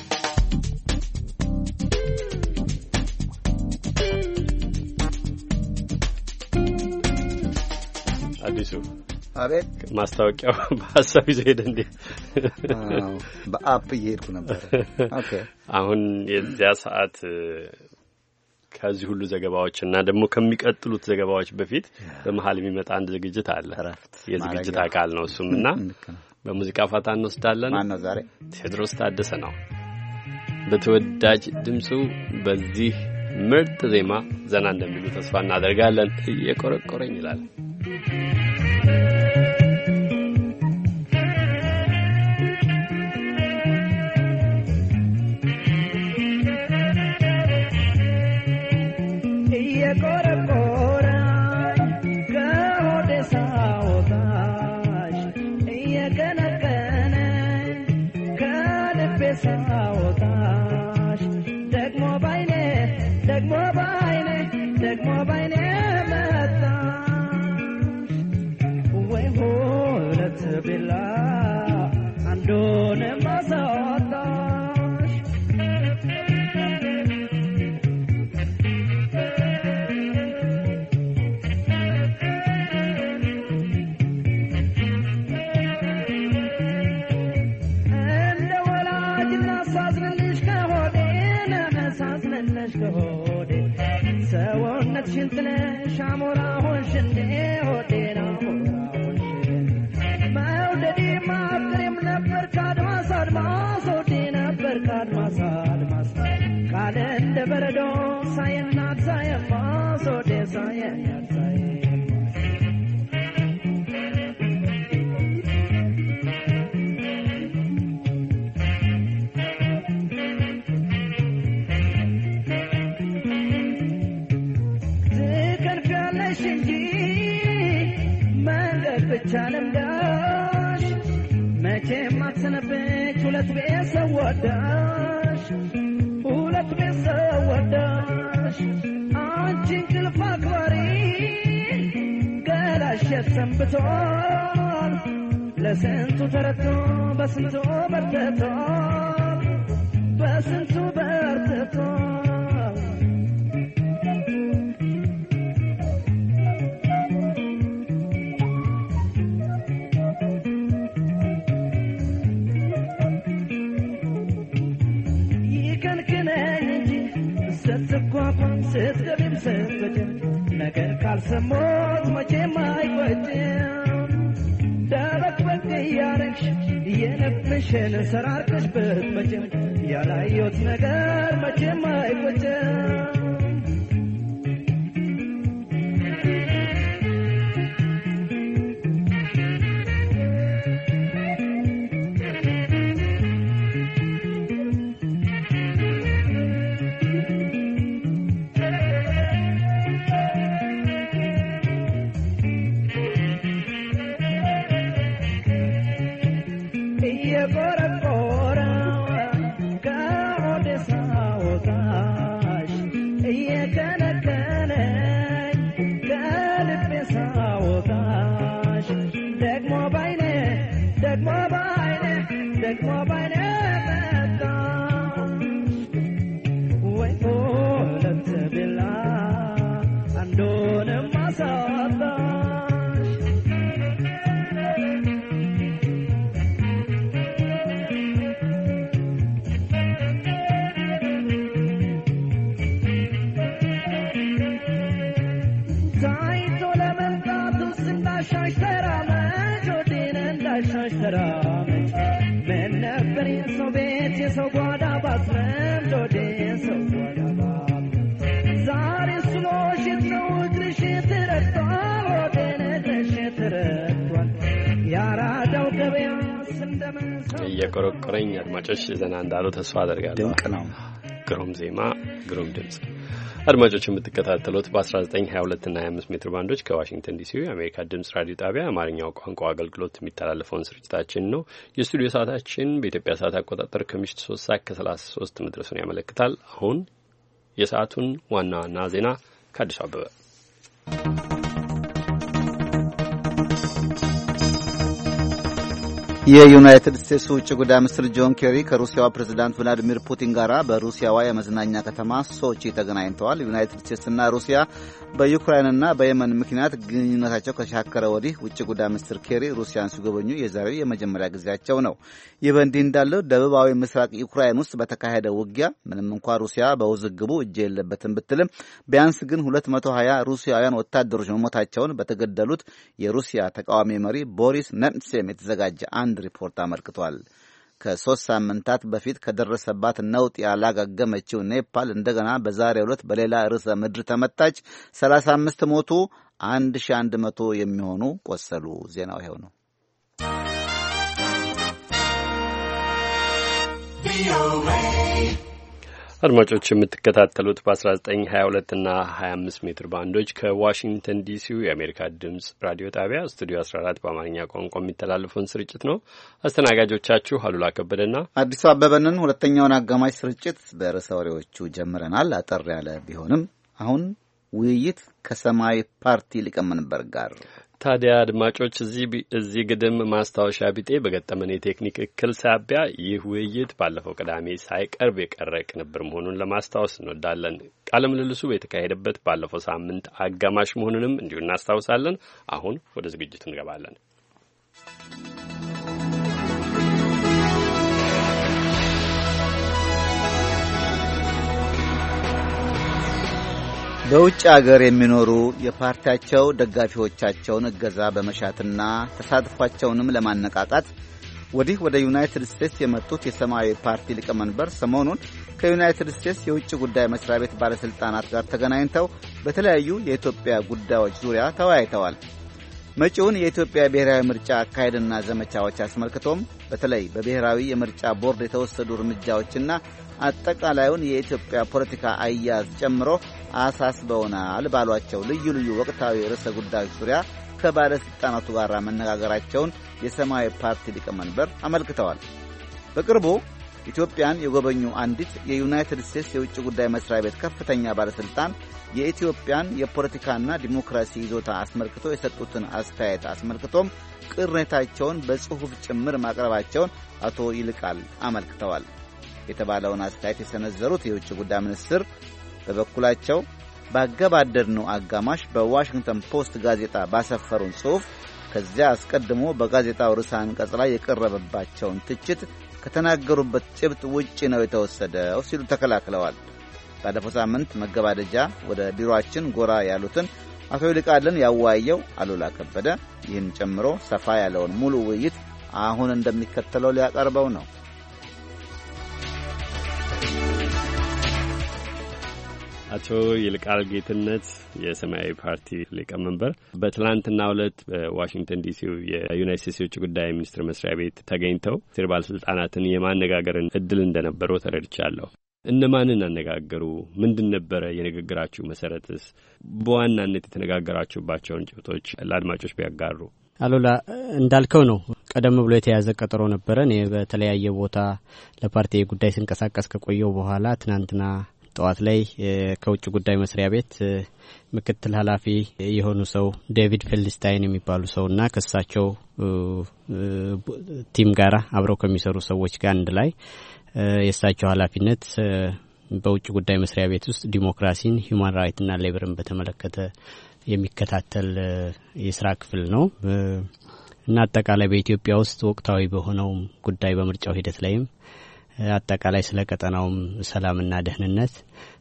አዲሱ አቤት ማስታወቂያው [LAUGHS] በሀሳብ ይዞ ሄደ እንዴ? በአፕ እየሄድኩ ነበር። አሁን የዚያ ሰዓት ከዚህ ሁሉ ዘገባዎች እና ደግሞ ከሚቀጥሉት ዘገባዎች በፊት በመሀል የሚመጣ አንድ ዝግጅት አለ። የዝግጅት አካል ነው እሱም እና በሙዚቃ ፋታ እንወስዳለን። ማነው ዛሬ? ታደሰ ነው። በተወዳጅ ድምፁ በዚህ ምርጥ ዜማ ዘና እንደሚሉ ተስፋ እናደርጋለን። እየቆረቆረኝ ይላል thank you ብቻለም ዳሽ መቼ አትሰነበች ሁለት ቤተሰብ ወዳሽ ሁለት ቤተሰብ ወዳሽ አንቺ እንቅልፍ አክባሪ ገላሸት ሰንብቷል ለስንቱ ተረቶ በስንቱ በርትቷል በስንቱ በርትቷል ስትገቢም ነገር ካልሰሞት መቼም አይቆጭም። ደበቅ በቅ እያረግሽ ሰራርቀሽ ብትመጭም ያላየሁት ነገር መቼም እየቆረቆረኝ አድማጮች ዘና እንዳሉ ተስፋ አደርጋለሁ። ድንቅ ነው። ግሩም ዜማ፣ ግሩም ድምጽ። አድማጮች የምትከታተሉት በ1922 እና 25 ሜትር ባንዶች ከዋሽንግተን ዲሲ የአሜሪካ ድምጽ ራዲዮ ጣቢያ አማርኛው ቋንቋ አገልግሎት የሚተላለፈውን ስርጭታችን ነው። የስቱዲዮ ሰዓታችን በኢትዮጵያ ሰዓት አቆጣጠር ከምሽት 3 ሰዓት ከ33 መድረሱን ያመለክታል። አሁን የሰዓቱን ዋና ዋና ዜና ከአዲስ አበባ የዩናይትድ ስቴትስ ውጭ ጉዳይ ሚኒስትር ጆን ኬሪ ከሩሲያዋ ፕሬዚዳንት ቭላዲሚር ፑቲን ጋር በሩሲያዋ የመዝናኛ ከተማ ሶቺ ተገናኝተዋል። ዩናይትድ ስቴትስና ሩሲያ በዩክራይንና በየመን ምክንያት ግንኙነታቸው ከሻከረ ወዲህ ውጭ ጉዳይ ሚኒስትር ኬሪ ሩሲያን ሲጎበኙ የዛሬው የመጀመሪያ ጊዜያቸው ነው። ይህ በእንዲህ እንዳለው ደቡባዊ ምስራቅ ዩክራይን ውስጥ በተካሄደ ውጊያ ምንም እንኳ ሩሲያ በውዝግቡ እጅ የለበትም ብትልም ቢያንስ ግን 220 ሩሲያውያን ወታደሮች መሞታቸውን በተገደሉት የሩሲያ ተቃዋሚ መሪ ቦሪስ ነምሴም የተዘጋጀ አንድ ሪፖርት አመልክቷል። ከሶስት ሳምንታት በፊት ከደረሰባት ነውጥ ያላገገመችው ኔፓል እንደገና በዛሬው ዕለት በሌላ ርዕሰ ምድር ተመታች። 35 ሞቱ፣ 1100 የሚሆኑ ቆሰሉ። ዜናው ይኸው ነው። ቪኦኤ አድማጮች የምትከታተሉት በ1922 እና 25 ሜትር ባንዶች ከዋሽንግተን ዲሲው የአሜሪካ ድምፅ ራዲዮ ጣቢያ ስቱዲዮ 14 በአማርኛ ቋንቋ የሚተላለፈውን ስርጭት ነው። አስተናጋጆቻችሁ አሉላ ከበደና አዲሱ አበበንን። ሁለተኛውን አጋማሽ ስርጭት በርዕሰ ወሬዎቹ ጀምረናል። አጠር ያለ ቢሆንም አሁን ውይይት ከሰማያዊ ፓርቲ ሊቀመንበር ጋር ታዲያ አድማጮች እዚህ ግድም ማስታወሻ ቢጤ በገጠመን የቴክኒክ እክል ሳቢያ ይህ ውይይት ባለፈው ቅዳሜ ሳይቀርብ የቀረ ቅንብር መሆኑን ለማስታወስ እንወዳለን። ቃለ ምልልሱ የተካሄደበት ባለፈው ሳምንት አጋማሽ መሆኑንም እንዲሁ እናስታውሳለን። አሁን ወደ ዝግጅቱ እንገባለን። በውጭ አገር የሚኖሩ የፓርቲያቸው ደጋፊዎቻቸውን እገዛ በመሻትና ተሳትፏቸውንም ለማነቃቃት ወዲህ ወደ ዩናይትድ ስቴትስ የመጡት የሰማያዊ ፓርቲ ሊቀመንበር ሰሞኑን ከዩናይትድ ስቴትስ የውጭ ጉዳይ መስሪያ ቤት ባለሥልጣናት ጋር ተገናኝተው በተለያዩ የኢትዮጵያ ጉዳዮች ዙሪያ ተወያይተዋል። መጪውን የኢትዮጵያ ብሔራዊ ምርጫ አካሄድና ዘመቻዎች አስመልክቶም በተለይ በብሔራዊ የምርጫ ቦርድ የተወሰዱ እርምጃዎችና አጠቃላዩን የኢትዮጵያ ፖለቲካ አያያዝ ጨምሮ አሳስበውናል ባሏቸው ልዩ ልዩ ወቅታዊ ርዕሰ ጉዳዮች ዙሪያ ከባለሥልጣናቱ ጋር መነጋገራቸውን የሰማያዊ ፓርቲ ሊቀመንበር አመልክተዋል። በቅርቡ ኢትዮጵያን የጎበኙ አንዲት የዩናይትድ ስቴትስ የውጭ ጉዳይ መስሪያ ቤት ከፍተኛ ባለሥልጣን የኢትዮጵያን የፖለቲካና ዲሞክራሲ ይዞታ አስመልክቶ የሰጡትን አስተያየት አስመልክቶም ቅሬታቸውን በጽሑፍ ጭምር ማቅረባቸውን አቶ ይልቃል አመልክተዋል። የተባለውን አስተያየት የሰነዘሩት የውጭ ጉዳይ ሚኒስትር በበኩላቸው ባገባደድነው አጋማሽ በዋሽንግተን ፖስት ጋዜጣ ባሰፈሩን ጽሑፍ ከዚያ አስቀድሞ በጋዜጣው ርዕሰ አንቀጽ ላይ የቀረበባቸውን ትችት ከተናገሩበት ጭብጥ ውጪ ነው የተወሰደው ሲሉ ተከላክለዋል። ባለፈው ሳምንት መገባደጃ ወደ ቢሮአችን ጎራ ያሉትን አቶ ይልቃልን ያወያየው አሉላ ከበደ ይህን ጨምሮ ሰፋ ያለውን ሙሉ ውይይት አሁን እንደሚከተለው ሊያቀርበው ነው። አቶ ይልቃል ጌትነት የሰማያዊ ፓርቲ ሊቀመንበር በትላንትና ዕለት በዋሽንግተን ዲሲ የዩናይት ስቴትስ የውጭ ጉዳይ ሚኒስትር መስሪያ ቤት ተገኝተው ስር ባለስልጣናትን የማነጋገርን እድል እንደነበረው ተረድቻለሁ። እነማንን አነጋገሩ? ምንድን ነበረ የንግግራችሁ መሰረትስ? በዋናነት የተነጋገራችሁባቸውን ጭብጦች ለአድማጮች ቢያጋሩ። አሉላ እንዳልከው ነው። ቀደም ብሎ የተያዘ ቀጠሮ ነበረ። እኔ በተለያየ ቦታ ለፓርቲ ጉዳይ ስንቀሳቀስ ከቆየው በኋላ ትናንትና ጠዋት ላይ ከውጭ ጉዳይ መስሪያ ቤት ምክትል ኃላፊ የሆኑ ሰው ዴቪድ ፌልስታይን የሚባሉ ሰው እና ከሳቸው ቲም ጋር አብረው ከሚሰሩ ሰዎች ጋር አንድ ላይ የእሳቸው ኃላፊነት በውጭ ጉዳይ መስሪያ ቤት ውስጥ ዲሞክራሲን፣ ራይት ራይትና ሌብርን በተመለከተ የሚከታተል የስራ ክፍል ነው እና አጠቃላይ በኢትዮጵያ ውስጥ ወቅታዊ በሆነውም ጉዳይ በምርጫው ሂደት ላይም አጠቃላይ ስለ ቀጠናውም ሰላምና ደህንነት፣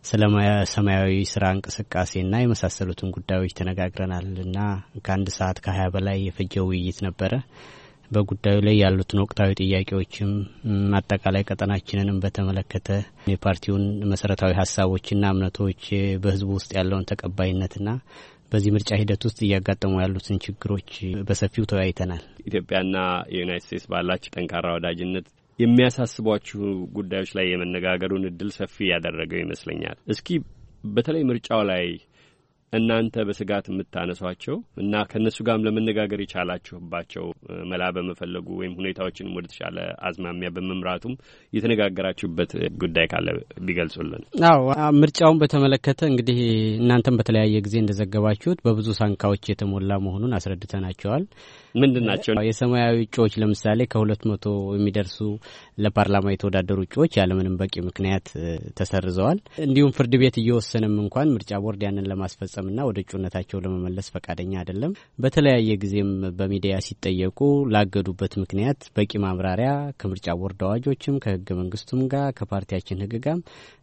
ስለ ሰማያዊ ስራ እንቅስቃሴና የመሳሰሉትን ጉዳዮች ተነጋግረናል እና ከአንድ ሰዓት ከሀያ በላይ የፈጀ ውይይት ነበረ። በጉዳዩ ላይ ያሉትን ወቅታዊ ጥያቄዎችም አጠቃላይ ቀጠናችንንም በተመለከተ የፓርቲውን መሰረታዊ ሀሳቦችና እምነቶች በህዝቡ ውስጥ ያለውን ተቀባይነትና በዚህ ምርጫ ሂደት ውስጥ እያጋጠሙ ያሉትን ችግሮች በሰፊው ተወያይተናል። ኢትዮጵያና የዩናይት ስቴትስ ባላቸው ጠንካራ ወዳጅነት የሚያሳስቧችሁ ጉዳዮች ላይ የመነጋገሩን እድል ሰፊ ያደረገው ይመስለኛል። እስኪ በተለይ ምርጫው ላይ እናንተ በስጋት የምታነሷቸው እና ከእነሱ ጋርም ለመነጋገር የቻላችሁባቸው መላ በመፈለጉ ወይም ሁኔታዎችን ወደ ተሻለ አዝማሚያ በመምራቱም የተነጋገራችሁበት ጉዳይ ካለ ቢገልጹልን። አዎ፣ ምርጫውን በተመለከተ እንግዲህ እናንተም በተለያየ ጊዜ እንደዘገባችሁት በብዙ ሳንካዎች የተሞላ መሆኑን አስረድተናቸዋል። ምንድን ናቸው? የሰማያዊ እጩዎች ለምሳሌ ከሁለት መቶ የሚደርሱ ለፓርላማ የተወዳደሩ እጩዎች ያለምንም በቂ ምክንያት ተሰርዘዋል። እንዲሁም ፍርድ ቤት እየወሰንም እንኳን ምርጫ ቦርድ ያንን ለማስፈጸምና ወደ እጩነታቸው ለመመለስ ፈቃደኛ አይደለም። በተለያየ ጊዜም በሚዲያ ሲጠየቁ ላገዱበት ምክንያት በቂ ማብራሪያ ከምርጫ ቦርድ አዋጆችም ከህገ መንግስቱም ጋር ከፓርቲያችን ህግ ጋር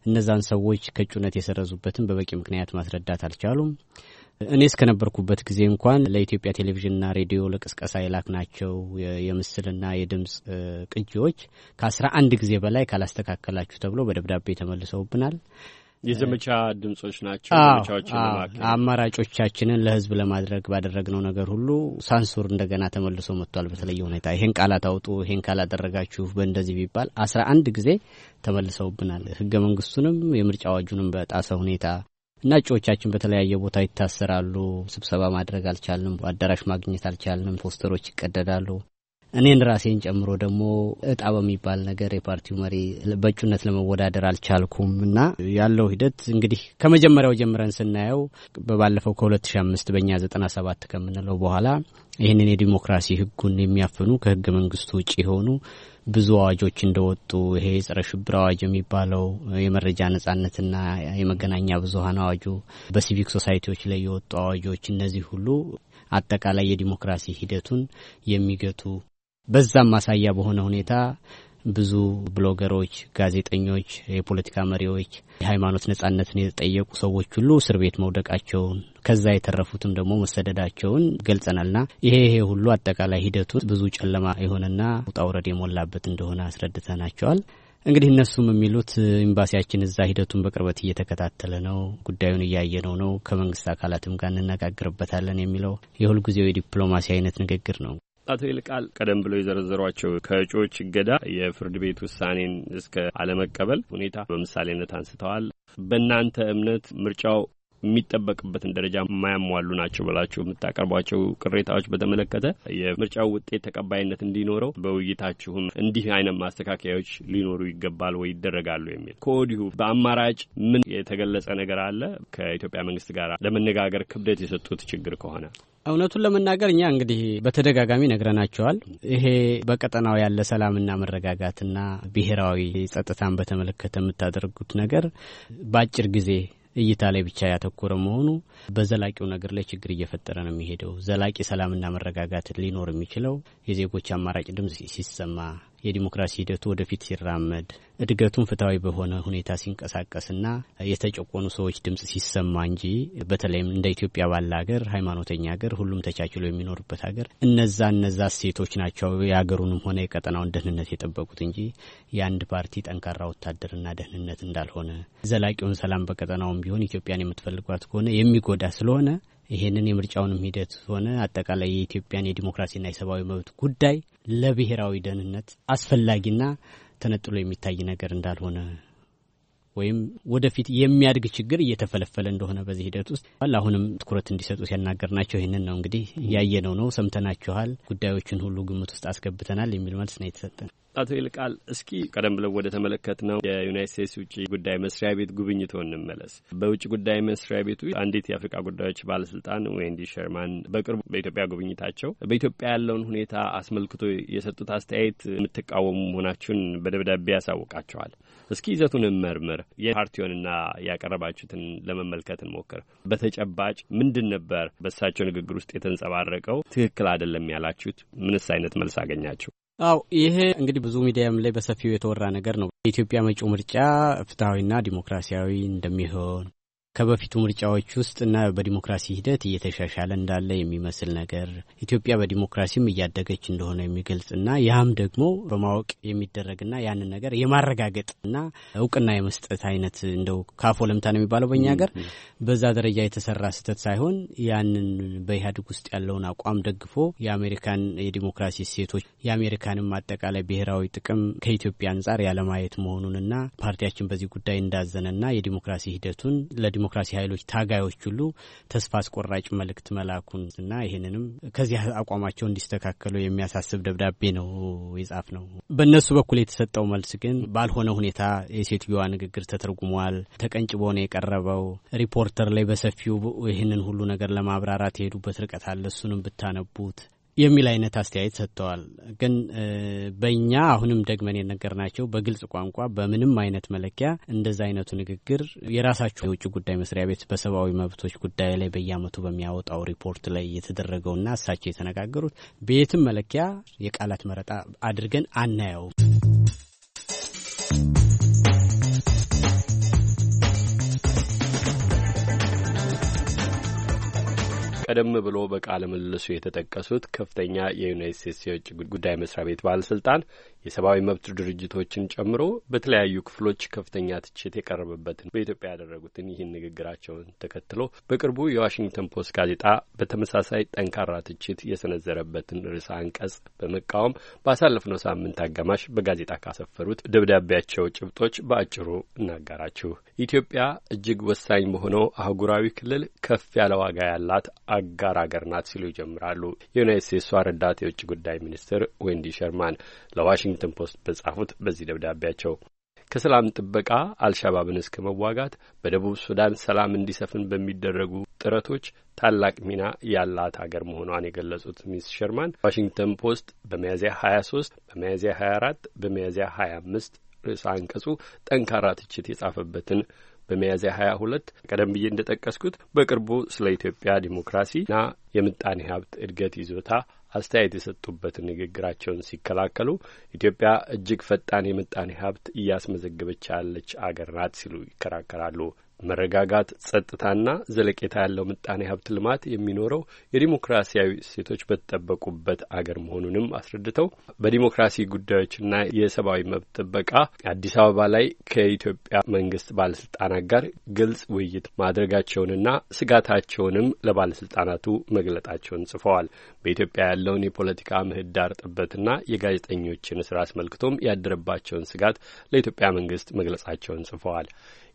እነዛን ሰዎች ከእጩነት የሰረዙበትን በበቂ ምክንያት ማስረዳት አልቻሉም። እኔ እስከነበርኩበት ጊዜ እንኳን ለኢትዮጵያ ቴሌቪዥንና ሬዲዮ ለቅስቀሳ የላክናቸው የምስልና የድምፅ ቅጂዎች ከአስራ አንድ ጊዜ በላይ ካላስተካከላችሁ ተብሎ በደብዳቤ ተመልሰውብናል። የዘመቻ ድምጾች ናቸው። አማራጮቻችንን ለህዝብ ለማድረግ ባደረግነው ነገር ሁሉ ሳንሱር እንደገና ተመልሶ መጥቷል። በተለየ ሁኔታ ይሄን ቃላት አውጡ፣ ይሄን ካላደረጋችሁ በእንደዚህ ቢባል አስራ አንድ ጊዜ ተመልሰውብናል። ህገ መንግስቱንም የምርጫ አዋጁንም በጣሰ ሁኔታ እና እጩዎቻችን በተለያየ ቦታ ይታሰራሉ። ስብሰባ ማድረግ አልቻልንም፣ አዳራሽ ማግኘት አልቻልንም፣ ፖስተሮች ይቀደዳሉ። እኔን ራሴን ጨምሮ ደግሞ እጣ በሚባል ነገር የፓርቲው መሪ በእጩነት ለመወዳደር አልቻልኩም እና ያለው ሂደት እንግዲህ ከመጀመሪያው ጀምረን ስናየው ባለፈው ከ2005 በእኛ 97 ከምንለው በኋላ ይህንን የዲሞክራሲ ህጉን የሚያፍኑ ከህገ መንግስቱ ውጭ የሆኑ ብዙ አዋጆች እንደወጡ ይሄ የጸረ ሽብር አዋጅ የሚባለው የመረጃ ነጻነትና የመገናኛ ብዙሀን አዋጁ፣ በሲቪክ ሶሳይቲዎች ላይ የወጡ አዋጆች፣ እነዚህ ሁሉ አጠቃላይ የዲሞክራሲ ሂደቱን የሚገቱ በዛም ማሳያ በሆነ ሁኔታ ብዙ ብሎገሮች፣ ጋዜጠኞች፣ የፖለቲካ መሪዎች፣ የሃይማኖት ነጻነትን የጠየቁ ሰዎች ሁሉ እስር ቤት መውደቃቸውን ከዛ የተረፉትም ደግሞ መሰደዳቸውን ገልጸናልና ይሄ ይሄ ሁሉ አጠቃላይ ሂደቱ ብዙ ጨለማ የሆነና ውጣ ውረድ የሞላበት እንደሆነ አስረድተናቸዋል። እንግዲህ እነሱም የሚሉት ኤምባሲያችን እዛ ሂደቱን በቅርበት እየተከታተለ ነው፣ ጉዳዩን እያየነው ነው፣ ከመንግስት አካላትም ጋር እንነጋግርበታለን የሚለው የሁልጊዜው የዲፕሎማሲ አይነት ንግግር ነው። አቶ ይልቃል ቀደም ብሎ የዘረዘሯቸው ከእጩዎች እገዳ፣ የፍርድ ቤት ውሳኔን እስከ አለመቀበል ሁኔታ በምሳሌነት አንስተዋል። በእናንተ እምነት ምርጫው የሚጠበቅበትን ደረጃ የማያሟሉ ናቸው ብላችሁ የምታቀርቧቸው ቅሬታዎች በተመለከተ የምርጫው ውጤት ተቀባይነት እንዲኖረው በውይይታችሁም እንዲህ አይነት ማስተካከያዎች ሊኖሩ ይገባል ወይ ይደረጋሉ የሚል ከወዲሁ በአማራጭ ምን የተገለጸ ነገር አለ? ከኢትዮጵያ መንግስት ጋር ለመነጋገር ክብደት የሰጡት ችግር ከሆነ እውነቱን ለመናገር እኛ እንግዲህ በተደጋጋሚ ነግረናቸዋል። ይሄ በቀጠናው ያለ ሰላምና መረጋጋትና ብሔራዊ ጸጥታን በተመለከተ የምታደርጉት ነገር በአጭር ጊዜ እይታ ላይ ብቻ ያተኮረ መሆኑ በዘላቂው ነገር ላይ ችግር እየፈጠረ ነው የሚሄደው። ዘላቂ ሰላምና መረጋጋት ሊኖር የሚችለው የዜጎች አማራጭ ድምፅ ሲሰማ የዲሞክራሲ ሂደቱ ወደፊት ሲራመድ እድገቱን ፍትሐዊ በሆነ ሁኔታ ሲንቀሳቀስና የተጨቆኑ ሰዎች ድምጽ ሲሰማ እንጂ በተለይም እንደ ኢትዮጵያ ባለ ሀገር፣ ሃይማኖተኛ ሀገር፣ ሁሉም ተቻችሎ የሚኖርበት ሀገር እነዛ እነዛ እሴቶች ናቸው የሀገሩንም ሆነ የቀጠናውን ደህንነት የጠበቁት እንጂ የአንድ ፓርቲ ጠንካራ ወታደርና ደህንነት እንዳልሆነ ዘላቂውን ሰላም በቀጠናውም ቢሆን ኢትዮጵያን የምትፈልጓት ከሆነ የሚጎዳ ስለሆነ ይህንን የምርጫውንም ሂደት ሆነ አጠቃላይ የኢትዮጵያን የዲሞክራሲና የሰብአዊ መብት ጉዳይ ለብሔራዊ ደህንነት አስፈላጊና ተነጥሎ የሚታይ ነገር እንዳልሆነ ወይም ወደፊት የሚያድግ ችግር እየተፈለፈለ እንደሆነ በዚህ ሂደት ውስጥ አሁንም ትኩረት እንዲሰጡ ሲያናገር ናቸው። ይህንን ነው እንግዲህ ያየነው ነው፣ ሰምተናችኋል፣ ጉዳዮችን ሁሉ ግምት ውስጥ አስገብተናል የሚል መልስ ነው የተሰጠን። አቶ ይልቃል እስኪ ቀደም ብለው ወደ ተመለከት ነው የዩናይት ስቴትስ ውጭ ጉዳይ መስሪያ ቤት ጉብኝቶ እንመለስ። በውጭ ጉዳይ መስሪያ ቤቱ አንዲት የአፍሪቃ ጉዳዮች ባለስልጣን ዌንዲ ሸርማን በቅርቡ በኢትዮጵያ ጉብኝታቸው በኢትዮጵያ ያለውን ሁኔታ አስመልክቶ የሰጡት አስተያየት የምትቃወሙ መሆናችሁን በደብዳቤ ያሳውቃቸዋል። እስኪ ይዘቱን መርምር የፓርቲውንና ያቀረባችሁትን ለመመልከት እንሞክር። በተጨባጭ ምንድን ነበር በእሳቸው ንግግር ውስጥ የተንጸባረቀው ትክክል አይደለም ያላችሁት? ምንስ አይነት መልስ አገኛችሁ? አው ይሄ እንግዲህ ብዙ ሚዲያም ላይ በሰፊው የተወራ ነገር ነው። የኢትዮጵያ መጪው ምርጫ ፍትሐዊና ዲሞክራሲያዊ እንደሚሆን ከበፊቱ ምርጫዎች ውስጥ እና በዲሞክራሲ ሂደት እየተሻሻለ እንዳለ የሚመስል ነገር ኢትዮጵያ በዲሞክራሲም እያደገች እንደሆነ የሚገልጽ እና ያም ደግሞ በማወቅ የሚደረግና ያንን ነገር የማረጋገጥ እና እውቅና የመስጠት አይነት እንደው ካፎ ለምታ ነው የሚባለው በእኛ ሀገር በዛ ደረጃ የተሰራ ስህተት ሳይሆን ያንን በኢህአዴግ ውስጥ ያለውን አቋም ደግፎ የአሜሪካን የዲሞክራሲ እሴቶች የአሜሪካንም አጠቃላይ ብሔራዊ ጥቅም ከኢትዮጵያ አንጻር ያለማየት መሆኑንና ፓርቲያችን በዚህ ጉዳይ እንዳዘነና የዲሞክራሲ ሂደቱን ለዲሞ የዲሞክራሲ ኃይሎች ታጋዮች ሁሉ ተስፋ አስቆራጭ መልእክት መላኩን እና ይህንንም ከዚህ አቋማቸው እንዲስተካከሉ የሚያሳስብ ደብዳቤ ነው የጻፍ ነው። በእነሱ በኩል የተሰጠው መልስ ግን ባልሆነ ሁኔታ የሴትዮዋ ንግግር ተተርጉሟል፣ ተቀንጭቦ ነው የቀረበው። ሪፖርተር ላይ በሰፊው ይህንን ሁሉ ነገር ለማብራራት የሄዱበት ርቀት አለ። እሱንም ብታነቡት የሚል አይነት አስተያየት ሰጥተዋል። ግን በእኛ አሁንም ደግመን የነገርናቸው በግልጽ ቋንቋ በምንም አይነት መለኪያ እንደዛ አይነቱ ንግግር የራሳቸው የውጭ ጉዳይ መስሪያ ቤት በሰብአዊ መብቶች ጉዳይ ላይ በየአመቱ በሚያወጣው ሪፖርት ላይ የተደረገውና እሳቸው የተነጋገሩት በየትም መለኪያ የቃላት መረጣ አድርገን አናየውም። ቀደም ብሎ በቃለ ምልልሱ የተጠቀሱት ከፍተኛ የዩናይት ስቴትስ የውጭ ጉዳይ መስሪያ ቤት ባለስልጣን የሰብአዊ መብት ድርጅቶችን ጨምሮ በተለያዩ ክፍሎች ከፍተኛ ትችት የቀረበበትን በኢትዮጵያ ያደረጉትን ይህን ንግግራቸውን ተከትሎ በቅርቡ የዋሽንግተን ፖስት ጋዜጣ በተመሳሳይ ጠንካራ ትችት የሰነዘረበትን ርዕሰ አንቀጽ በመቃወም ባሳለፍነው ሳምንት አጋማሽ በጋዜጣ ካሰፈሩት ደብዳቤያቸው ጭብጦች በአጭሩ እናጋራችሁ። ኢትዮጵያ እጅግ ወሳኝ በሆነው አህጉራዊ ክልል ከፍ ያለ ዋጋ ያላት አጋር አገር ናት ሲሉ ይጀምራሉ የዩናይት ስቴትሷ ረዳት የውጭ ጉዳይ ሚኒስትር ዌንዲ ሸርማን ለዋሽንግተን ፖስት በጻፉት በዚህ ደብዳቤያቸው ከሰላም ጥበቃ አልሻባብን እስከ መዋጋት በደቡብ ሱዳን ሰላም እንዲሰፍን በሚደረጉ ጥረቶች ታላቅ ሚና ያላት ሀገር መሆኗን የገለጹት ሚስ ሸርማን ዋሽንግተን ፖስት በሚያዝያ 23፣ በሚያዝያ 24፣ በሚያዝያ 25 ርዕሰ አንቀጹ ጠንካራ ትችት የጻፈበትን በሚያዝያ 22 ቀደም ብዬ እንደ ጠቀስኩት በቅርቡ ስለ ኢትዮጵያ ዲሞክራሲና የምጣኔ ሀብት እድገት ይዞታ አስተያየት የሰጡበትን ንግግራቸውን ሲከላከሉ ኢትዮጵያ እጅግ ፈጣን የምጣኔ ሀብት እያስመዘገበች ያለች አገር ናት ሲሉ ይከራከራሉ። መረጋጋት፣ ጸጥታና ዘለቄታ ያለው ምጣኔ ሀብት ልማት የሚኖረው የዲሞክራሲያዊ እሴቶች በተጠበቁበት አገር መሆኑንም አስረድተው በዲሞክራሲ ጉዳዮችና የሰብአዊ መብት ጥበቃ አዲስ አበባ ላይ ከኢትዮጵያ መንግስት ባለስልጣናት ጋር ግልጽ ውይይት ማድረጋቸውንና ስጋታቸውንም ለባለስልጣናቱ መግለጣቸውን ጽፈዋል። በኢትዮጵያ ያለውን የፖለቲካ ምህዳር ጥበትና የጋዜጠኞችን ስራ አስመልክቶም ያደረባቸውን ስጋት ለኢትዮጵያ መንግስት መግለጻቸውን ጽፈዋል።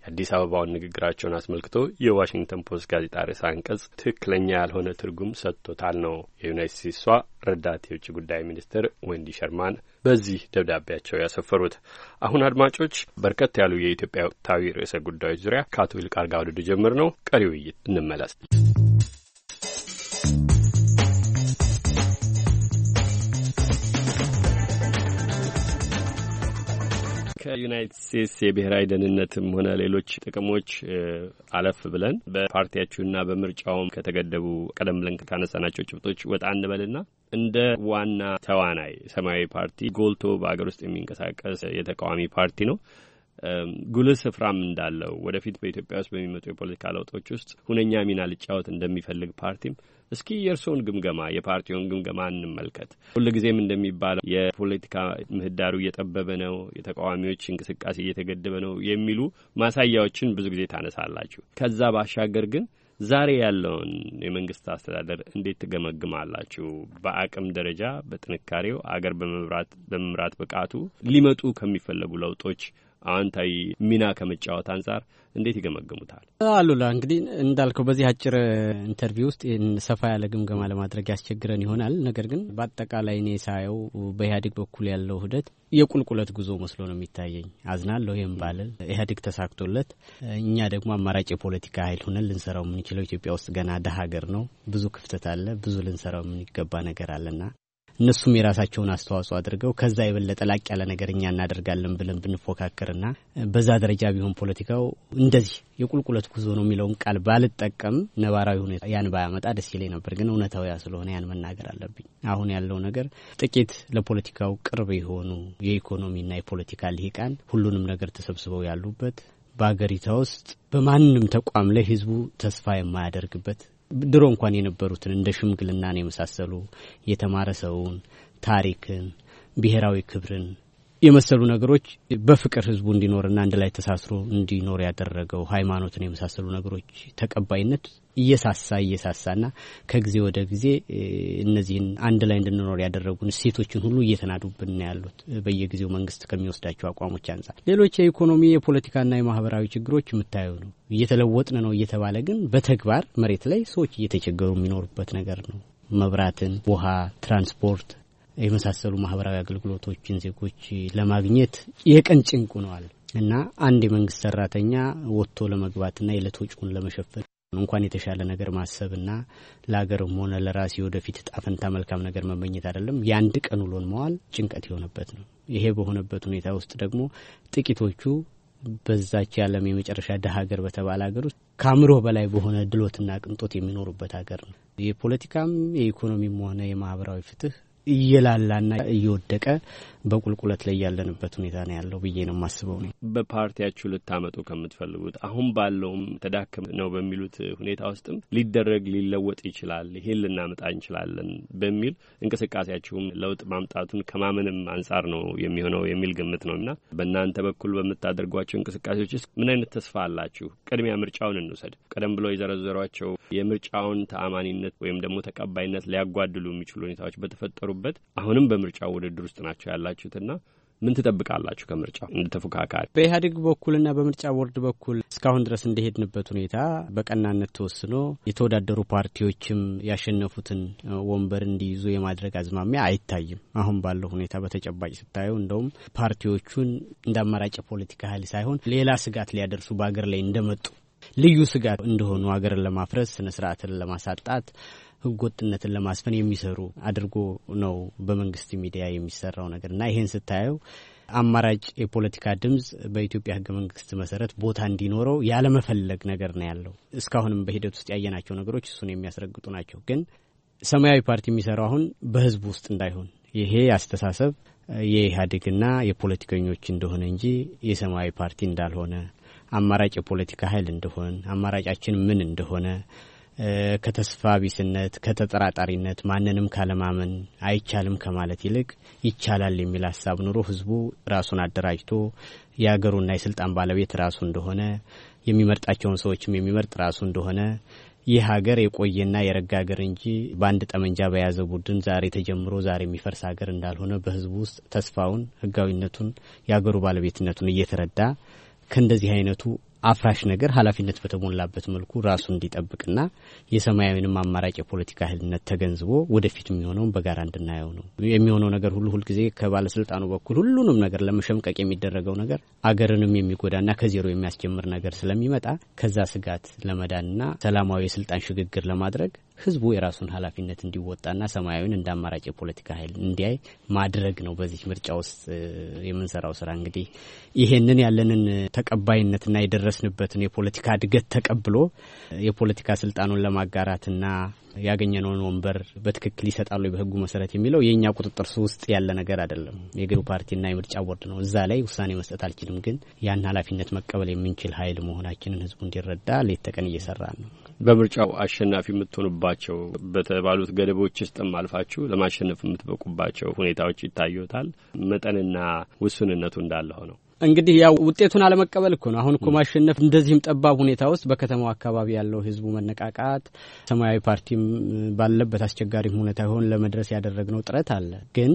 የአዲስ አበባውን ንግግራቸውን አስመልክቶ የዋሽንግተን ፖስት ጋዜጣ ርዕሰ አንቀጽ ትክክለኛ ያልሆነ ትርጉም ሰጥቶታል ነው የዩናይት ስቴትሷ ረዳት የውጭ ጉዳይ ሚኒስትር ወንዲ ሸርማን በዚህ ደብዳቤያቸው ያሰፈሩት። አሁን አድማጮች፣ በርከት ያሉ የኢትዮጵያ ወቅታዊ ርዕሰ ጉዳዮች ዙሪያ ከአቶ ይልቃል ጋር ወደ ጀምር ነው ቀሪ ውይይት እንመለስ። የዩናይትድ ስቴትስ የብሔራዊ ደህንነትም ሆነ ሌሎች ጥቅሞች አለፍ ብለን በፓርቲያችሁና በምርጫውም ከተገደቡ ቀደም ብለን ካነሳናቸው ጭብጦች ወጣ እንበልና እንደ ዋና ተዋናይ ሰማያዊ ፓርቲ ጎልቶ በአገር ውስጥ የሚንቀሳቀስ የተቃዋሚ ፓርቲ ነው። ጉልህ ስፍራም እንዳለው ወደፊት በኢትዮጵያ ውስጥ በሚመጡ የፖለቲካ ለውጦች ውስጥ ሁነኛ ሚና ልጫወት እንደሚፈልግ ፓርቲም እስኪ የእርስዎን ግምገማ የፓርቲውን ግምገማ እንመልከት። ሁልጊዜም እንደሚባለው የፖለቲካ ምህዳሩ እየጠበበ ነው፣ የተቃዋሚዎች እንቅስቃሴ እየተገደበ ነው የሚሉ ማሳያዎችን ብዙ ጊዜ ታነሳላችሁ። ከዛ ባሻገር ግን ዛሬ ያለውን የመንግስት አስተዳደር እንዴት ትገመግማላችሁ? በአቅም ደረጃ በጥንካሬው አገር በመምራት በመምራት ብቃቱ ሊመጡ ከሚፈለጉ ለውጦች አዎንታዊ ሚና ከመጫወት አንጻር እንዴት ይገመግሙታል? አሉላ እንግዲህ እንዳልከው በዚህ አጭር ኢንተርቪው ውስጥ ሰፋ ያለ ግምገማ ለማድረግ ያስቸግረን ይሆናል። ነገር ግን በአጠቃላይ እኔ ሳየው በኢህአዴግ በኩል ያለው ውህደት የቁልቁለት ጉዞ መስሎ ነው የሚታየኝ። አዝናለሁ። ይህም ባልል ኢህአዴግ ተሳክቶለት እኛ ደግሞ አማራጭ የፖለቲካ ኃይል ሆነን ልንሰራው የምንችለው ኢትዮጵያ ውስጥ ገና ደሀ ሀገር ነው። ብዙ ክፍተት አለ። ብዙ ልንሰራው የምንገባ ነገር አለና እነሱም የራሳቸውን አስተዋጽኦ አድርገው ከዛ የበለጠ ላቅ ያለ ነገር እኛ እናደርጋለን ብለን ብንፎካከርና በዛ ደረጃ ቢሆን ፖለቲካው እንደዚህ የቁልቁለት ጉዞ ነው የሚለውን ቃል ባልጠቀም ነባራዊ ሁኔታ ያን ባያመጣ ደስ ይለኝ ነበር። ግን እውነታዊ ስለሆነ ያን መናገር አለብኝ። አሁን ያለው ነገር ጥቂት ለፖለቲካው ቅርብ የሆኑ የኢኮኖሚና የፖለቲካ ሊቃን ሁሉንም ነገር ተሰብስበው ያሉበት በሀገሪቷ ውስጥ በማንም ተቋም ላይ ህዝቡ ተስፋ የማያደርግበት ድሮ እንኳን የነበሩትን እንደ ሽምግልናን የመሳሰሉ የተማረ ሰውን፣ ታሪክን፣ ብሔራዊ ክብርን የመሰሉ ነገሮች በፍቅር ህዝቡ እንዲኖርና አንድ ላይ ተሳስሮ እንዲኖር ያደረገው ሃይማኖትን የመሳሰሉ ነገሮች ተቀባይነት እየሳሳ እየሳሳና ከጊዜ ወደ ጊዜ እነዚህን አንድ ላይ እንድንኖር ያደረጉን እሴቶችን ሁሉ እየተናዱብን ያሉት በየጊዜው መንግስት ከሚወስዳቸው አቋሞች አንጻር ሌሎች የኢኮኖሚ የፖለቲካና የማህበራዊ ችግሮች የምታዩ ነው። እየተለወጥን ነው እየተባለ ግን በተግባር መሬት ላይ ሰዎች እየተቸገሩ የሚኖሩበት ነገር ነው። መብራትን፣ ውሃ፣ ትራንስፖርት የመሳሰሉ ማህበራዊ አገልግሎቶችን ዜጎች ለማግኘት የቀን ጭንቁ ነዋል እና አንድ የመንግስት ሰራተኛ ወጥቶ ለመግባትና የዕለት ወጪውን ለመሸፈን እንኳን የተሻለ ነገር ማሰብና ለሀገርም ሆነ ለራሴ ወደፊት ጣፈንታ መልካም ነገር መመኘት አይደለም። የአንድ ቀን ውሎን መዋል ጭንቀት የሆነበት ነው። ይሄ በሆነበት ሁኔታ ውስጥ ደግሞ ጥቂቶቹ በዛች የዓለም የመጨረሻ ድሀ ሀገር በተባለ ሀገር ውስጥ ከአእምሮ በላይ በሆነ ድሎትና ቅንጦት የሚኖሩበት ሀገር ነው። የፖለቲካም የኢኮኖሚም ሆነ የማህበራዊ ፍትህ እየላላና እየወደቀ በቁልቁለት ላይ ያለንበት ሁኔታ ነው ያለው ብዬ ነው የማስበው። ነው በፓርቲያችሁ ልታመጡ ከምትፈልጉት አሁን ባለውም ተዳክም ነው በሚሉት ሁኔታ ውስጥም ሊደረግ ሊለወጥ ይችላል፣ ይሄን ልናመጣ እንችላለን በሚል እንቅስቃሴያችሁም ለውጥ ማምጣቱን ከማመንም አንጻር ነው የሚሆነው የሚል ግምት ነው እና በእናንተ በኩል በምታደርጓቸው እንቅስቃሴዎች ውስጥ ምን አይነት ተስፋ አላችሁ? ቅድሚያ ምርጫውን እንውሰድ። ቀደም ብሎ የዘረዘሯቸው የምርጫውን ተአማኒነት ወይም ደግሞ ተቀባይነት ሊያጓድሉ የሚችሉ ሁኔታዎች በተፈጠሩበት አሁንም በምርጫው ውድድር ውስጥ ናቸው ያላ ያላችሁትና ምን ትጠብቃላችሁ ከምርጫው እንደ ተፎካካሪ? በኢህአዴግ በኩልና በምርጫ ቦርድ በኩል እስካሁን ድረስ እንደሄድንበት ሁኔታ በቀናነት ተወስኖ የተወዳደሩ ፓርቲዎችም ያሸነፉትን ወንበር እንዲይዙ የማድረግ አዝማሚያ አይታይም። አሁን ባለው ሁኔታ በተጨባጭ ስታየው እንደውም ፓርቲዎቹን እንደ አማራጭ የፖለቲካ ኃይል ሳይሆን ሌላ ስጋት ሊያደርሱ በሀገር ላይ እንደመጡ ልዩ ስጋት እንደሆኑ ሀገርን ለማፍረስ ስነ ስርዓትን ለማሳጣት ህገወጥነትን ለማስፈን የሚሰሩ አድርጎ ነው በመንግስት ሚዲያ የሚሰራው ነገር እና ይህን ስታየው አማራጭ የፖለቲካ ድምፅ በኢትዮጵያ ህገ መንግስት መሰረት ቦታ እንዲኖረው ያለመፈለግ ነገር ነው ያለው። እስካሁንም በሂደት ውስጥ ያየናቸው ነገሮች እሱን የሚያስረግጡ ናቸው። ግን ሰማያዊ ፓርቲ የሚሰራው አሁን በህዝብ ውስጥ እንዳይሆን ይሄ አስተሳሰብ የኢህአዴግና የፖለቲከኞች እንደሆነ እንጂ የሰማያዊ ፓርቲ እንዳልሆነ አማራጭ የፖለቲካ ኃይል እንደሆን አማራጫችን ምን እንደሆነ ከተስፋ ቢስነት፣ ከተጠራጣሪነት ማንንም ካለማመን አይቻልም ከማለት ይልቅ ይቻላል የሚል ሀሳብ ኑሮ ህዝቡ ራሱን አደራጅቶ የሀገሩና የስልጣን ባለቤት ራሱ እንደሆነ የሚመርጣቸውን ሰዎችም የሚመርጥ ራሱ እንደሆነ ይህ ሀገር የቆየና የረጋ ሀገር እንጂ በአንድ ጠመንጃ በያዘ ቡድን ዛሬ ተጀምሮ ዛሬ የሚፈርስ ሀገር እንዳልሆነ በህዝቡ ውስጥ ተስፋውን፣ ህጋዊነቱን፣ የሀገሩ ባለቤትነቱን እየተረዳ ከእንደዚህ አይነቱ አፍራሽ ነገር ኃላፊነት በተሞላበት መልኩ ራሱ እንዲጠብቅና የሰማያዊንም አማራጭ የፖለቲካ ህልነት ተገንዝቦ ወደፊት የሚሆነውን በጋራ እንድናየው ነው። የሚሆነው ነገር ሁሉ ሁልጊዜ ከባለስልጣኑ በኩል ሁሉንም ነገር ለመሸምቀቅ የሚደረገው ነገር አገርንም የሚጎዳና ከዜሮ የሚያስጀምር ነገር ስለሚመጣ ከዛ ስጋት ለመዳንና ሰላማዊ የስልጣን ሽግግር ለማድረግ ህዝቡ የራሱን ኃላፊነት እንዲወጣና ሰማያዊን እንደ አማራጭ የፖለቲካ ኃይል እንዲያይ ማድረግ ነው። በዚህ ምርጫ ውስጥ የምንሰራው ስራ እንግዲህ ይሄንን ያለንን ተቀባይነትና የደረስንበትን የፖለቲካ እድገት ተቀብሎ የፖለቲካ ስልጣኑን ለማጋራትና ያገኘነውን ወንበር በትክክል ይሰጣሉ በህጉ መሰረት የሚለው የእኛ ቁጥጥር ስ ውስጥ ያለ ነገር አይደለም። የገዢው ፓርቲና የምርጫ ቦርድ ነው። እዛ ላይ ውሳኔ መስጠት አልችልም። ግን ያን ኃላፊነት መቀበል የምንችል ኃይል መሆናችንን ህዝቡ እንዲረዳ ሌት ተቀን እየሰራ ነው። በምርጫው አሸናፊ የምትሆኑባቸው በተባሉት ገደቦች ውስጥም አልፋችሁ ለማሸነፍ የምትበቁባቸው ሁኔታዎች ይታዩታል። መጠንና ውሱንነቱ እንዳለ ሆነው እንግዲህ ያው ውጤቱን አለመቀበል እኮ ነው። አሁን እኮ ማሸነፍ እንደዚህም ጠባብ ሁኔታ ውስጥ በከተማው አካባቢ ያለው ህዝቡ መነቃቃት፣ ሰማያዊ ፓርቲም ባለበት አስቸጋሪም ሁኔታ ይሆን ለመድረስ ያደረግነው ጥረት አለ ግን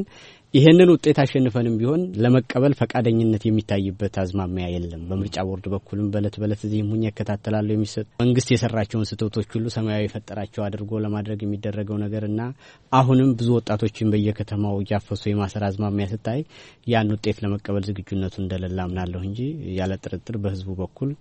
ይሄንን ውጤት አሸንፈንም ቢሆን ለመቀበል ፈቃደኝነት የሚታይበት አዝማሚያ የለም። በምርጫ ቦርድ በኩልም በለት በለት እዚህም ሁኜ እከታተላለሁ። የሚሰጥ መንግስት የሰራቸውን ስህተቶች ሁሉ ሰማያዊ የፈጠራቸው አድርጎ ለማድረግ የሚደረገው ነገር እና አሁንም ብዙ ወጣቶችን በየከተማው እያፈሱ የማሰር አዝማሚያ ስታይ ያን ውጤት ለመቀበል ዝግጁነቱ እንደሌለ አምናለሁ እንጂ ያለ ጥርጥር በህዝቡ በኩል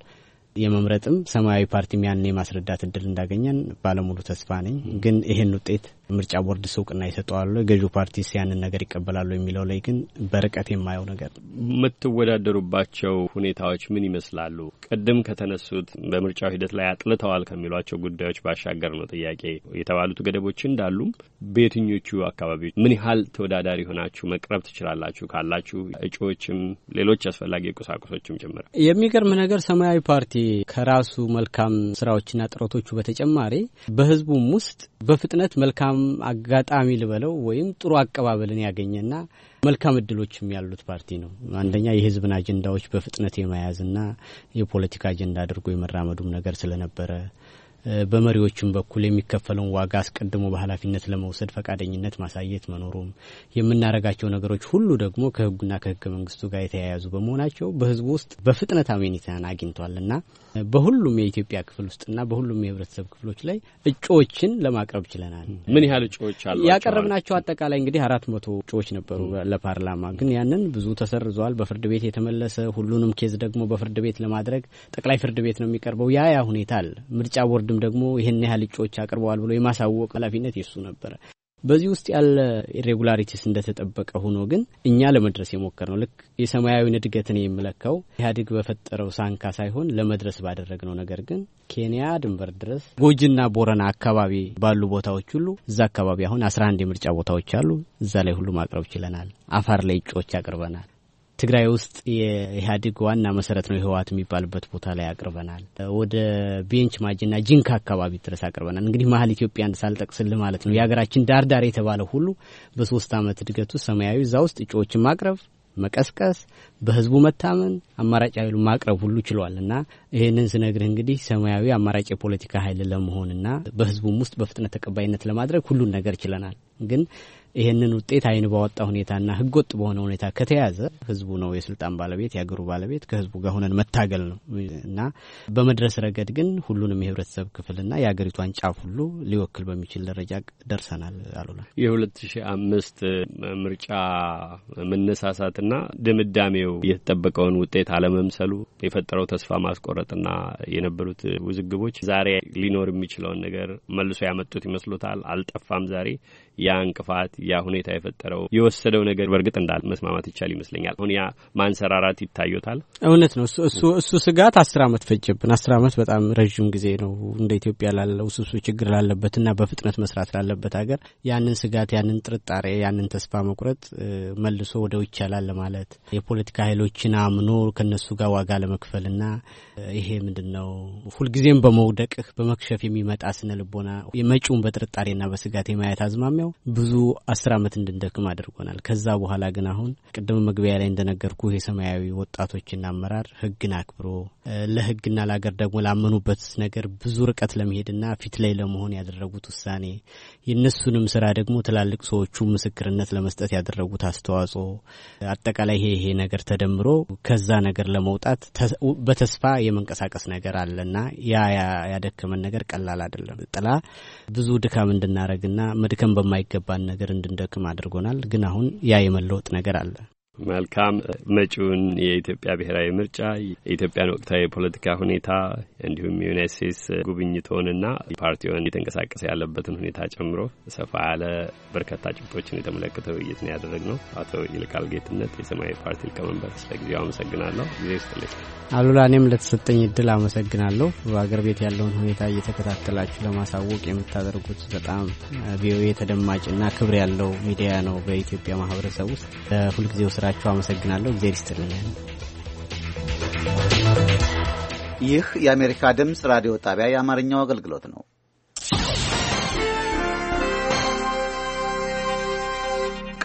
የመምረጥም ሰማያዊ ፓርቲም ያን የማስረዳት እድል እንዳገኘን ባለሙሉ ተስፋ ነኝ። ግን ይህን ውጤት ምርጫ ቦርድ እውቅና ይሰጠዋል፣ ገዢው ፓርቲ ያንን ነገር ይቀበላሉ የሚለው ላይ ግን በርቀት የማየው ነገር። የምትወዳደሩባቸው ሁኔታዎች ምን ይመስላሉ? ቅድም ከተነሱት በምርጫው ሂደት ላይ አጥልተዋል ከሚሏቸው ጉዳዮች ባሻገር ነው ጥያቄ የተባሉት ገደቦች እንዳሉም በየትኞቹ አካባቢዎች ምን ያህል ተወዳዳሪ ሆናችሁ መቅረብ ትችላላችሁ ካላችሁ እጩዎችም ሌሎች አስፈላጊ ቁሳቁሶችም ጭምር። የሚገርም ነገር ሰማያዊ ፓርቲ ከራሱ መልካም ስራዎችና ጥረቶቹ በተጨማሪ በህዝቡም ውስጥ በፍጥነት መልካም መልካም አጋጣሚ ልበለው ወይም ጥሩ አቀባበልን ያገኘና መልካም እድሎችም ያሉት ፓርቲ ነው። አንደኛ የህዝብን አጀንዳዎች በፍጥነት የመያዝና የፖለቲካ አጀንዳ አድርጎ የመራመዱም ነገር ስለነበረ በመሪዎቹም በኩል የሚከፈለውን ዋጋ አስቀድሞ በኃላፊነት ለመውሰድ ፈቃደኝነት ማሳየት መኖሩም የምናረጋቸው ነገሮች ሁሉ ደግሞ ከህጉና ከህገ መንግስቱ ጋር የተያያዙ በመሆናቸው በህዝቡ ውስጥ በፍጥነት አሜኒታን አግኝቷልና በሁሉም የኢትዮጵያ ክፍል ውስጥና በሁሉም የህብረተሰብ ክፍሎች ላይ እጩዎችን ለማቅረብ ችለናል። ምን ያህል እጩዎች አሉ? ያቀረብናቸው አጠቃላይ እንግዲህ አራት መቶ እጩዎች ነበሩ ለፓርላማ ግን ያንን ብዙ ተሰርዟል። በፍርድ ቤት የተመለሰ ሁሉንም ኬዝ ደግሞ በፍርድ ቤት ለማድረግ ጠቅላይ ፍርድ ቤት ነው የሚቀርበው። ያ ያ ሁኔታ አለ። ምርጫ ቦርድም ደግሞ ይህን ያህል እጩዎች አቅርበዋል ብሎ የማሳወቅ ኃላፊነት የሱ ነበረ። በዚህ ውስጥ ያለ ኢሬጉላሪቲስ እንደተጠበቀ ሆኖ ግን እኛ ለመድረስ የሞከር ነው ልክ የሰማያዊን እድገትን የምለካው ኢህአዴግ በፈጠረው ሳንካ ሳይሆን ለመድረስ ባደረግ ነው። ነገር ግን ኬንያ ድንበር ድረስ ጎጂና ቦረና አካባቢ ባሉ ቦታዎች ሁሉ እዛ አካባቢ አሁን አስራ አንድ የምርጫ ቦታዎች አሉ። እዛ ላይ ሁሉ ማቅረብ ችለናል። አፋር ላይ እጩዎች አቅርበናል። ትግራይ ውስጥ የኢህአዴግ ዋና መሰረት ነው የህወሀት የሚባልበት ቦታ ላይ አቅርበናል። ወደ ቤንች ማጅና ጂንካ አካባቢ ድረስ አቅርበናል። እንግዲህ መሀል ኢትዮጵያን ሳልጠቅስል ማለት ነው የሀገራችን ዳር ዳር የተባለ ሁሉ በሶስት ዓመት እድገቱ ሰማያዊ እዛ ውስጥ እጩዎችን ማቅረብ መቀስቀስ በህዝቡ መታመን አማራጭ ኃይሉ ማቅረብ ሁሉ ችሏል እና ይህንን ስነግርህ እንግዲህ ሰማያዊ አማራጭ የፖለቲካ ኃይል ለመሆንና በህዝቡም ውስጥ በፍጥነት ተቀባይነት ለማድረግ ሁሉን ነገር ችለናል። ግን ይህንን ውጤት አይን ባወጣ ሁኔታና ህገወጥ በሆነ ሁኔታ ከተያዘ ህዝቡ ነው የስልጣን ባለቤት፣ የአገሩ ባለቤት ከህዝቡ ጋር ሆነን መታገል ነው እና በመድረስ ረገድ ግን ሁሉንም የህብረተሰብ ክፍልና የአገሪቷን ጫፍ ሁሉ ሊወክል በሚችል ደረጃ ደርሰናል። አሉላ የሁለት ሺ አምስት ምርጫ መነሳሳትና ድምዳሜው የተጠበቀውን ውጤት አለመምሰሉ የፈጠረው ተስፋ ማስቆረጥና የነበሩት ውዝግቦች ዛሬ ሊኖር የሚችለውን ነገር መልሶ ያመጡት ይመስሎታል? አልጠፋም ዛሬ ያ እንቅፋት ያ ሁኔታ የፈጠረው የወሰደው ነገር በእርግጥ እንዳል መስማማት ይቻል ይመስለኛል። አሁን ያ ማንሰራራት ይታዩታል። እውነት ነው። እሱ እሱ ስጋት አስር አመት ፈጀብን። አስር አመት በጣም ረዥም ጊዜ ነው እንደ ኢትዮጵያ ላለው ውስብስብ ችግር ላለበትና በፍጥነት መስራት ላለበት ሀገር ያንን ስጋት ያንን ጥርጣሬ ያንን ተስፋ መቁረጥ መልሶ ወደው ይቻላል ማለት የፖለቲካ ኃይሎችን አምኖ ከነሱ ጋር ዋጋ ና ይሄ ምንድን ነው ሁልጊዜም በመውደቅህ በመክሸፍ የሚመጣ ስነ ልቦና የመጪውን ና በስጋት የማየት አዝማሚያ ነው ብዙ አስር ዓመት እንድንደክም አድርጎናል። ከዛ በኋላ ግን አሁን ቅድም መግቢያ ላይ እንደነገርኩ የሰማያዊ ወጣቶችና አመራር ህግን አክብሮ ለህግና ለሀገር ደግሞ ላመኑበት ነገር ብዙ ርቀት ለመሄድና ፊት ላይ ለመሆን ያደረጉት ውሳኔ የእነሱንም ስራ ደግሞ ትላልቅ ሰዎቹ ምስክርነት ለመስጠት ያደረጉት አስተዋጽኦ አጠቃላይ ይሄ ይሄ ነገር ተደምሮ ከዛ ነገር ለመውጣት በተስፋ የመንቀሳቀስ ነገር አለና ያ ያደከመን ነገር ቀላል አይደለም። ጥላ ብዙ ድካም እንድናረግና መድከም በማ የማይገባን ነገር እንድንደክም አድርጎናል። ግን አሁን ያ የመለወጥ ነገር አለ። መልካም። መጪውን የኢትዮጵያ ብሔራዊ ምርጫ፣ የኢትዮጵያን ወቅታዊ የፖለቲካ ሁኔታ እንዲሁም የዩናይት ስቴትስ ጉብኝቶንና ፓርቲውን እየተንቀሳቀሰ ያለበትን ሁኔታ ጨምሮ ሰፋ ያለ በርካታ ጭብጦችን የተመለከተ ውይይት ነው ያደረግነው። አቶ ይልቃል ጌትነት የሰማያዊ ፓርቲ ሊቀመንበር፣ ስለ ጊዜው አመሰግናለሁ። ጊዜ ስጥልኝ አሉላ። እኔም ለተሰጠኝ እድል አመሰግናለሁ። በአገር ቤት ያለውን ሁኔታ እየተከታተላችሁ ለማሳወቅ የምታደርጉት በጣም ቪኦኤ ተደማጭና ክብር ያለው ሚዲያ ነው በኢትዮጵያ ማህበረሰብ ውስጥ ለሁልጊዜው ስራ ስለነበራቸው አመሰግናለሁ። እግዜር ይስጥልኝ። ይህ የአሜሪካ ድምፅ ራዲዮ ጣቢያ የአማርኛው አገልግሎት ነው።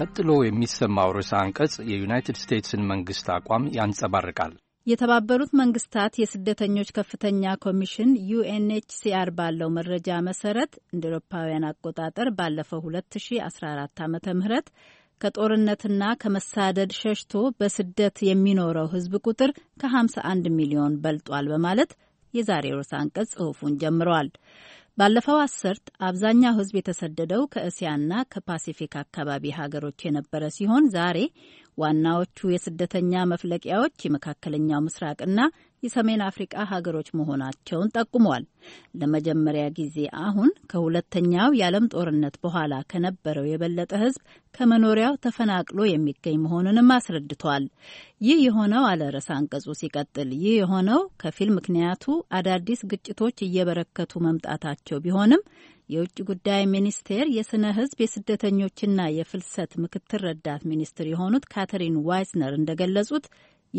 ቀጥሎ የሚሰማው ርዕሰ አንቀጽ የዩናይትድ ስቴትስን መንግስት አቋም ያንጸባርቃል። የተባበሩት መንግስታት የስደተኞች ከፍተኛ ኮሚሽን ዩኤንኤችሲአር ባለው መረጃ መሰረት እንደ ኤሮፓውያን አቆጣጠር ባለፈው 2014 ዓ ም ከጦርነትና ከመሳደድ ሸሽቶ በስደት የሚኖረው ሕዝብ ቁጥር ከ51 ሚሊዮን በልጧል በማለት የዛሬው ርዕሰ አንቀጽ ጽሑፉን ጀምረዋል። ባለፈው አስርት አብዛኛው ሕዝብ የተሰደደው ከእስያና ከፓሲፊክ አካባቢ ሀገሮች የነበረ ሲሆን ዛሬ ዋናዎቹ የስደተኛ መፍለቂያዎች የመካከለኛው ምስራቅና የሰሜን አፍሪቃ ሀገሮች መሆናቸውን ጠቁሟል። ለመጀመሪያ ጊዜ አሁን ከሁለተኛው የዓለም ጦርነት በኋላ ከነበረው የበለጠ ሕዝብ ከመኖሪያው ተፈናቅሎ የሚገኝ መሆኑንም አስረድቷል። ይህ የሆነው አለ ርዕሰ አንቀጹ ሲቀጥል፣ ይህ የሆነው ከፊል ምክንያቱ አዳዲስ ግጭቶች እየበረከቱ መምጣታቸው ቢሆንም የውጭ ጉዳይ ሚኒስቴር የስነ ህዝብ የስደተኞችና የፍልሰት ምክትል ረዳት ሚኒስትር የሆኑት ካተሪን ዋይስነር እንደገለጹት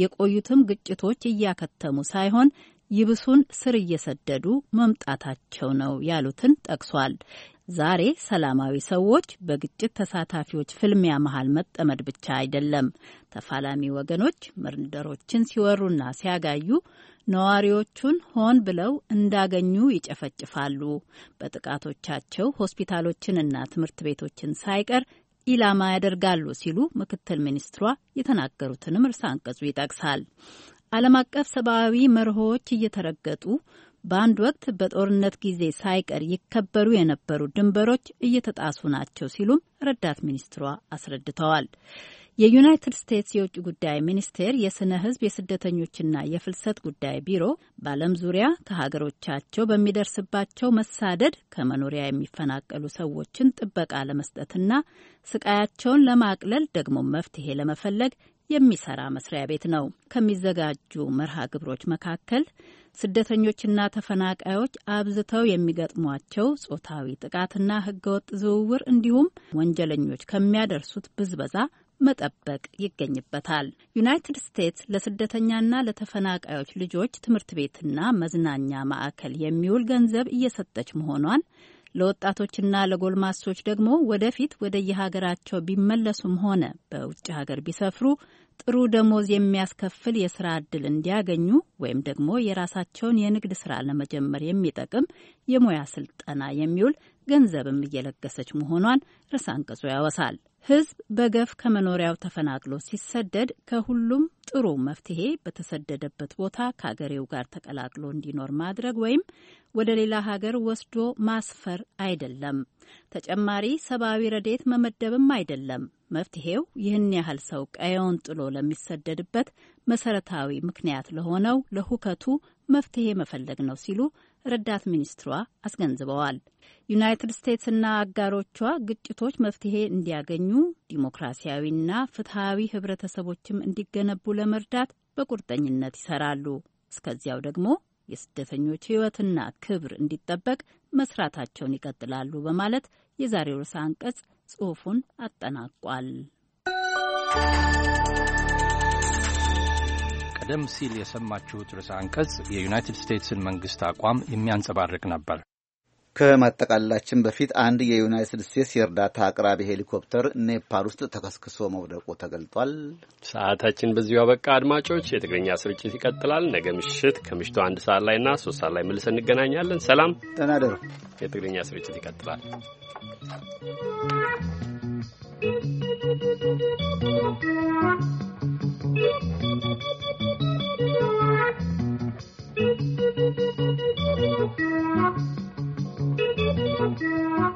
የቆዩትም ግጭቶች እያከተሙ ሳይሆን ይብሱን ስር እየሰደዱ መምጣታቸው ነው ያሉትን ጠቅሷል። ዛሬ ሰላማዊ ሰዎች በግጭት ተሳታፊዎች ፍልሚያ መሀል መጠመድ ብቻ አይደለም። ተፋላሚ ወገኖች መንደሮችን ሲወሩና ሲያጋዩ ነዋሪዎቹን ሆን ብለው እንዳገኙ ይጨፈጭፋሉ። በጥቃቶቻቸው ሆስፒታሎችንና ትምህርት ቤቶችን ሳይቀር ኢላማ ያደርጋሉ ሲሉ ምክትል ሚኒስትሯ የተናገሩትንም እርሳ አንቀጹ ይጠቅሳል። ዓለም አቀፍ ሰብአዊ መርሆዎች እየተረገጡ በአንድ ወቅት በጦርነት ጊዜ ሳይቀር ይከበሩ የነበሩ ድንበሮች እየተጣሱ ናቸው ሲሉም ረዳት ሚኒስትሯ አስረድተዋል። የዩናይትድ ስቴትስ የውጭ ጉዳይ ሚኒስቴር የስነ ህዝብ የስደተኞችና የፍልሰት ጉዳይ ቢሮ በዓለም ዙሪያ ከሀገሮቻቸው በሚደርስባቸው መሳደድ ከመኖሪያ የሚፈናቀሉ ሰዎችን ጥበቃ ለመስጠትና ስቃያቸውን ለማቅለል ደግሞ መፍትሄ ለመፈለግ የሚሰራ መስሪያ ቤት ነው። ከሚዘጋጁ መርሃ ግብሮች መካከል ስደተኞችና ተፈናቃዮች አብዝተው የሚገጥሟቸው ጾታዊ ጥቃትና ህገወጥ ዝውውር እንዲሁም ወንጀለኞች ከሚያደርሱት ብዝበዛ መጠበቅ ይገኝበታል። ዩናይትድ ስቴትስ ለስደተኛና ለተፈናቃዮች ልጆች ትምህርት ቤትና መዝናኛ ማዕከል የሚውል ገንዘብ እየሰጠች መሆኗን ለወጣቶችና ለጎልማሶች ደግሞ ወደፊት ወደ የሀገራቸው ቢመለሱም ሆነ በውጭ ሀገር ቢሰፍሩ ጥሩ ደሞዝ የሚያስከፍል የስራ እድል እንዲያገኙ ወይም ደግሞ የራሳቸውን የንግድ ስራ ለመጀመር የሚጠቅም የሙያ ስልጠና የሚውል ገንዘብም እየለገሰች መሆኗን ርዕሰ አንቀጹ ያወሳል። ህዝብ በገፍ ከመኖሪያው ተፈናቅሎ ሲሰደድ ከሁሉም ጥሩ መፍትሄ በተሰደደበት ቦታ ከአገሬው ጋር ተቀላቅሎ እንዲኖር ማድረግ ወይም ወደ ሌላ ሀገር ወስዶ ማስፈር አይደለም። ተጨማሪ ሰብአዊ ረዴት መመደብም አይደለም። መፍትሄው ይህን ያህል ሰው ቀየውን ጥሎ ለሚሰደድበት መሰረታዊ ምክንያት ለሆነው ለሁከቱ መፍትሄ መፈለግ ነው ሲሉ ረዳት ሚኒስትሯ አስገንዝበዋል። ዩናይትድ ስቴትስና አጋሮቿ ግጭቶች መፍትሄ እንዲያገኙ ዲሞክራሲያዊና ፍትሐዊ ህብረተሰቦችም እንዲገነቡ ለመርዳት በቁርጠኝነት ይሰራሉ። እስከዚያው ደግሞ የስደተኞች ህይወትና ክብር እንዲጠበቅ መስራታቸውን ይቀጥላሉ በማለት የዛሬው ርዕሰ አንቀጽ ጽሑፉን አጠናቋል። ቀደም ሲል የሰማችሁት ርዕሰ አንቀጽ የዩናይትድ ስቴትስን መንግስት አቋም የሚያንጸባርቅ ነበር። ከማጠቃለላችን በፊት አንድ የዩናይትድ ስቴትስ የእርዳታ አቅራቢ ሄሊኮፕተር ኔፓል ውስጥ ተከስክሶ መውደቁ ተገልጧል። ሰዓታችን በዚሁ አበቃ። አድማጮች፣ የትግርኛ ስርጭት ይቀጥላል። ነገ ምሽት ከምሽቱ አንድ ሰዓት ላይና ሶስት ሰዓት ላይ መልሰ እንገናኛለን። ሰላም ተናደሩ። የትግርኛ ስርጭት ይቀጥላል። Thank you.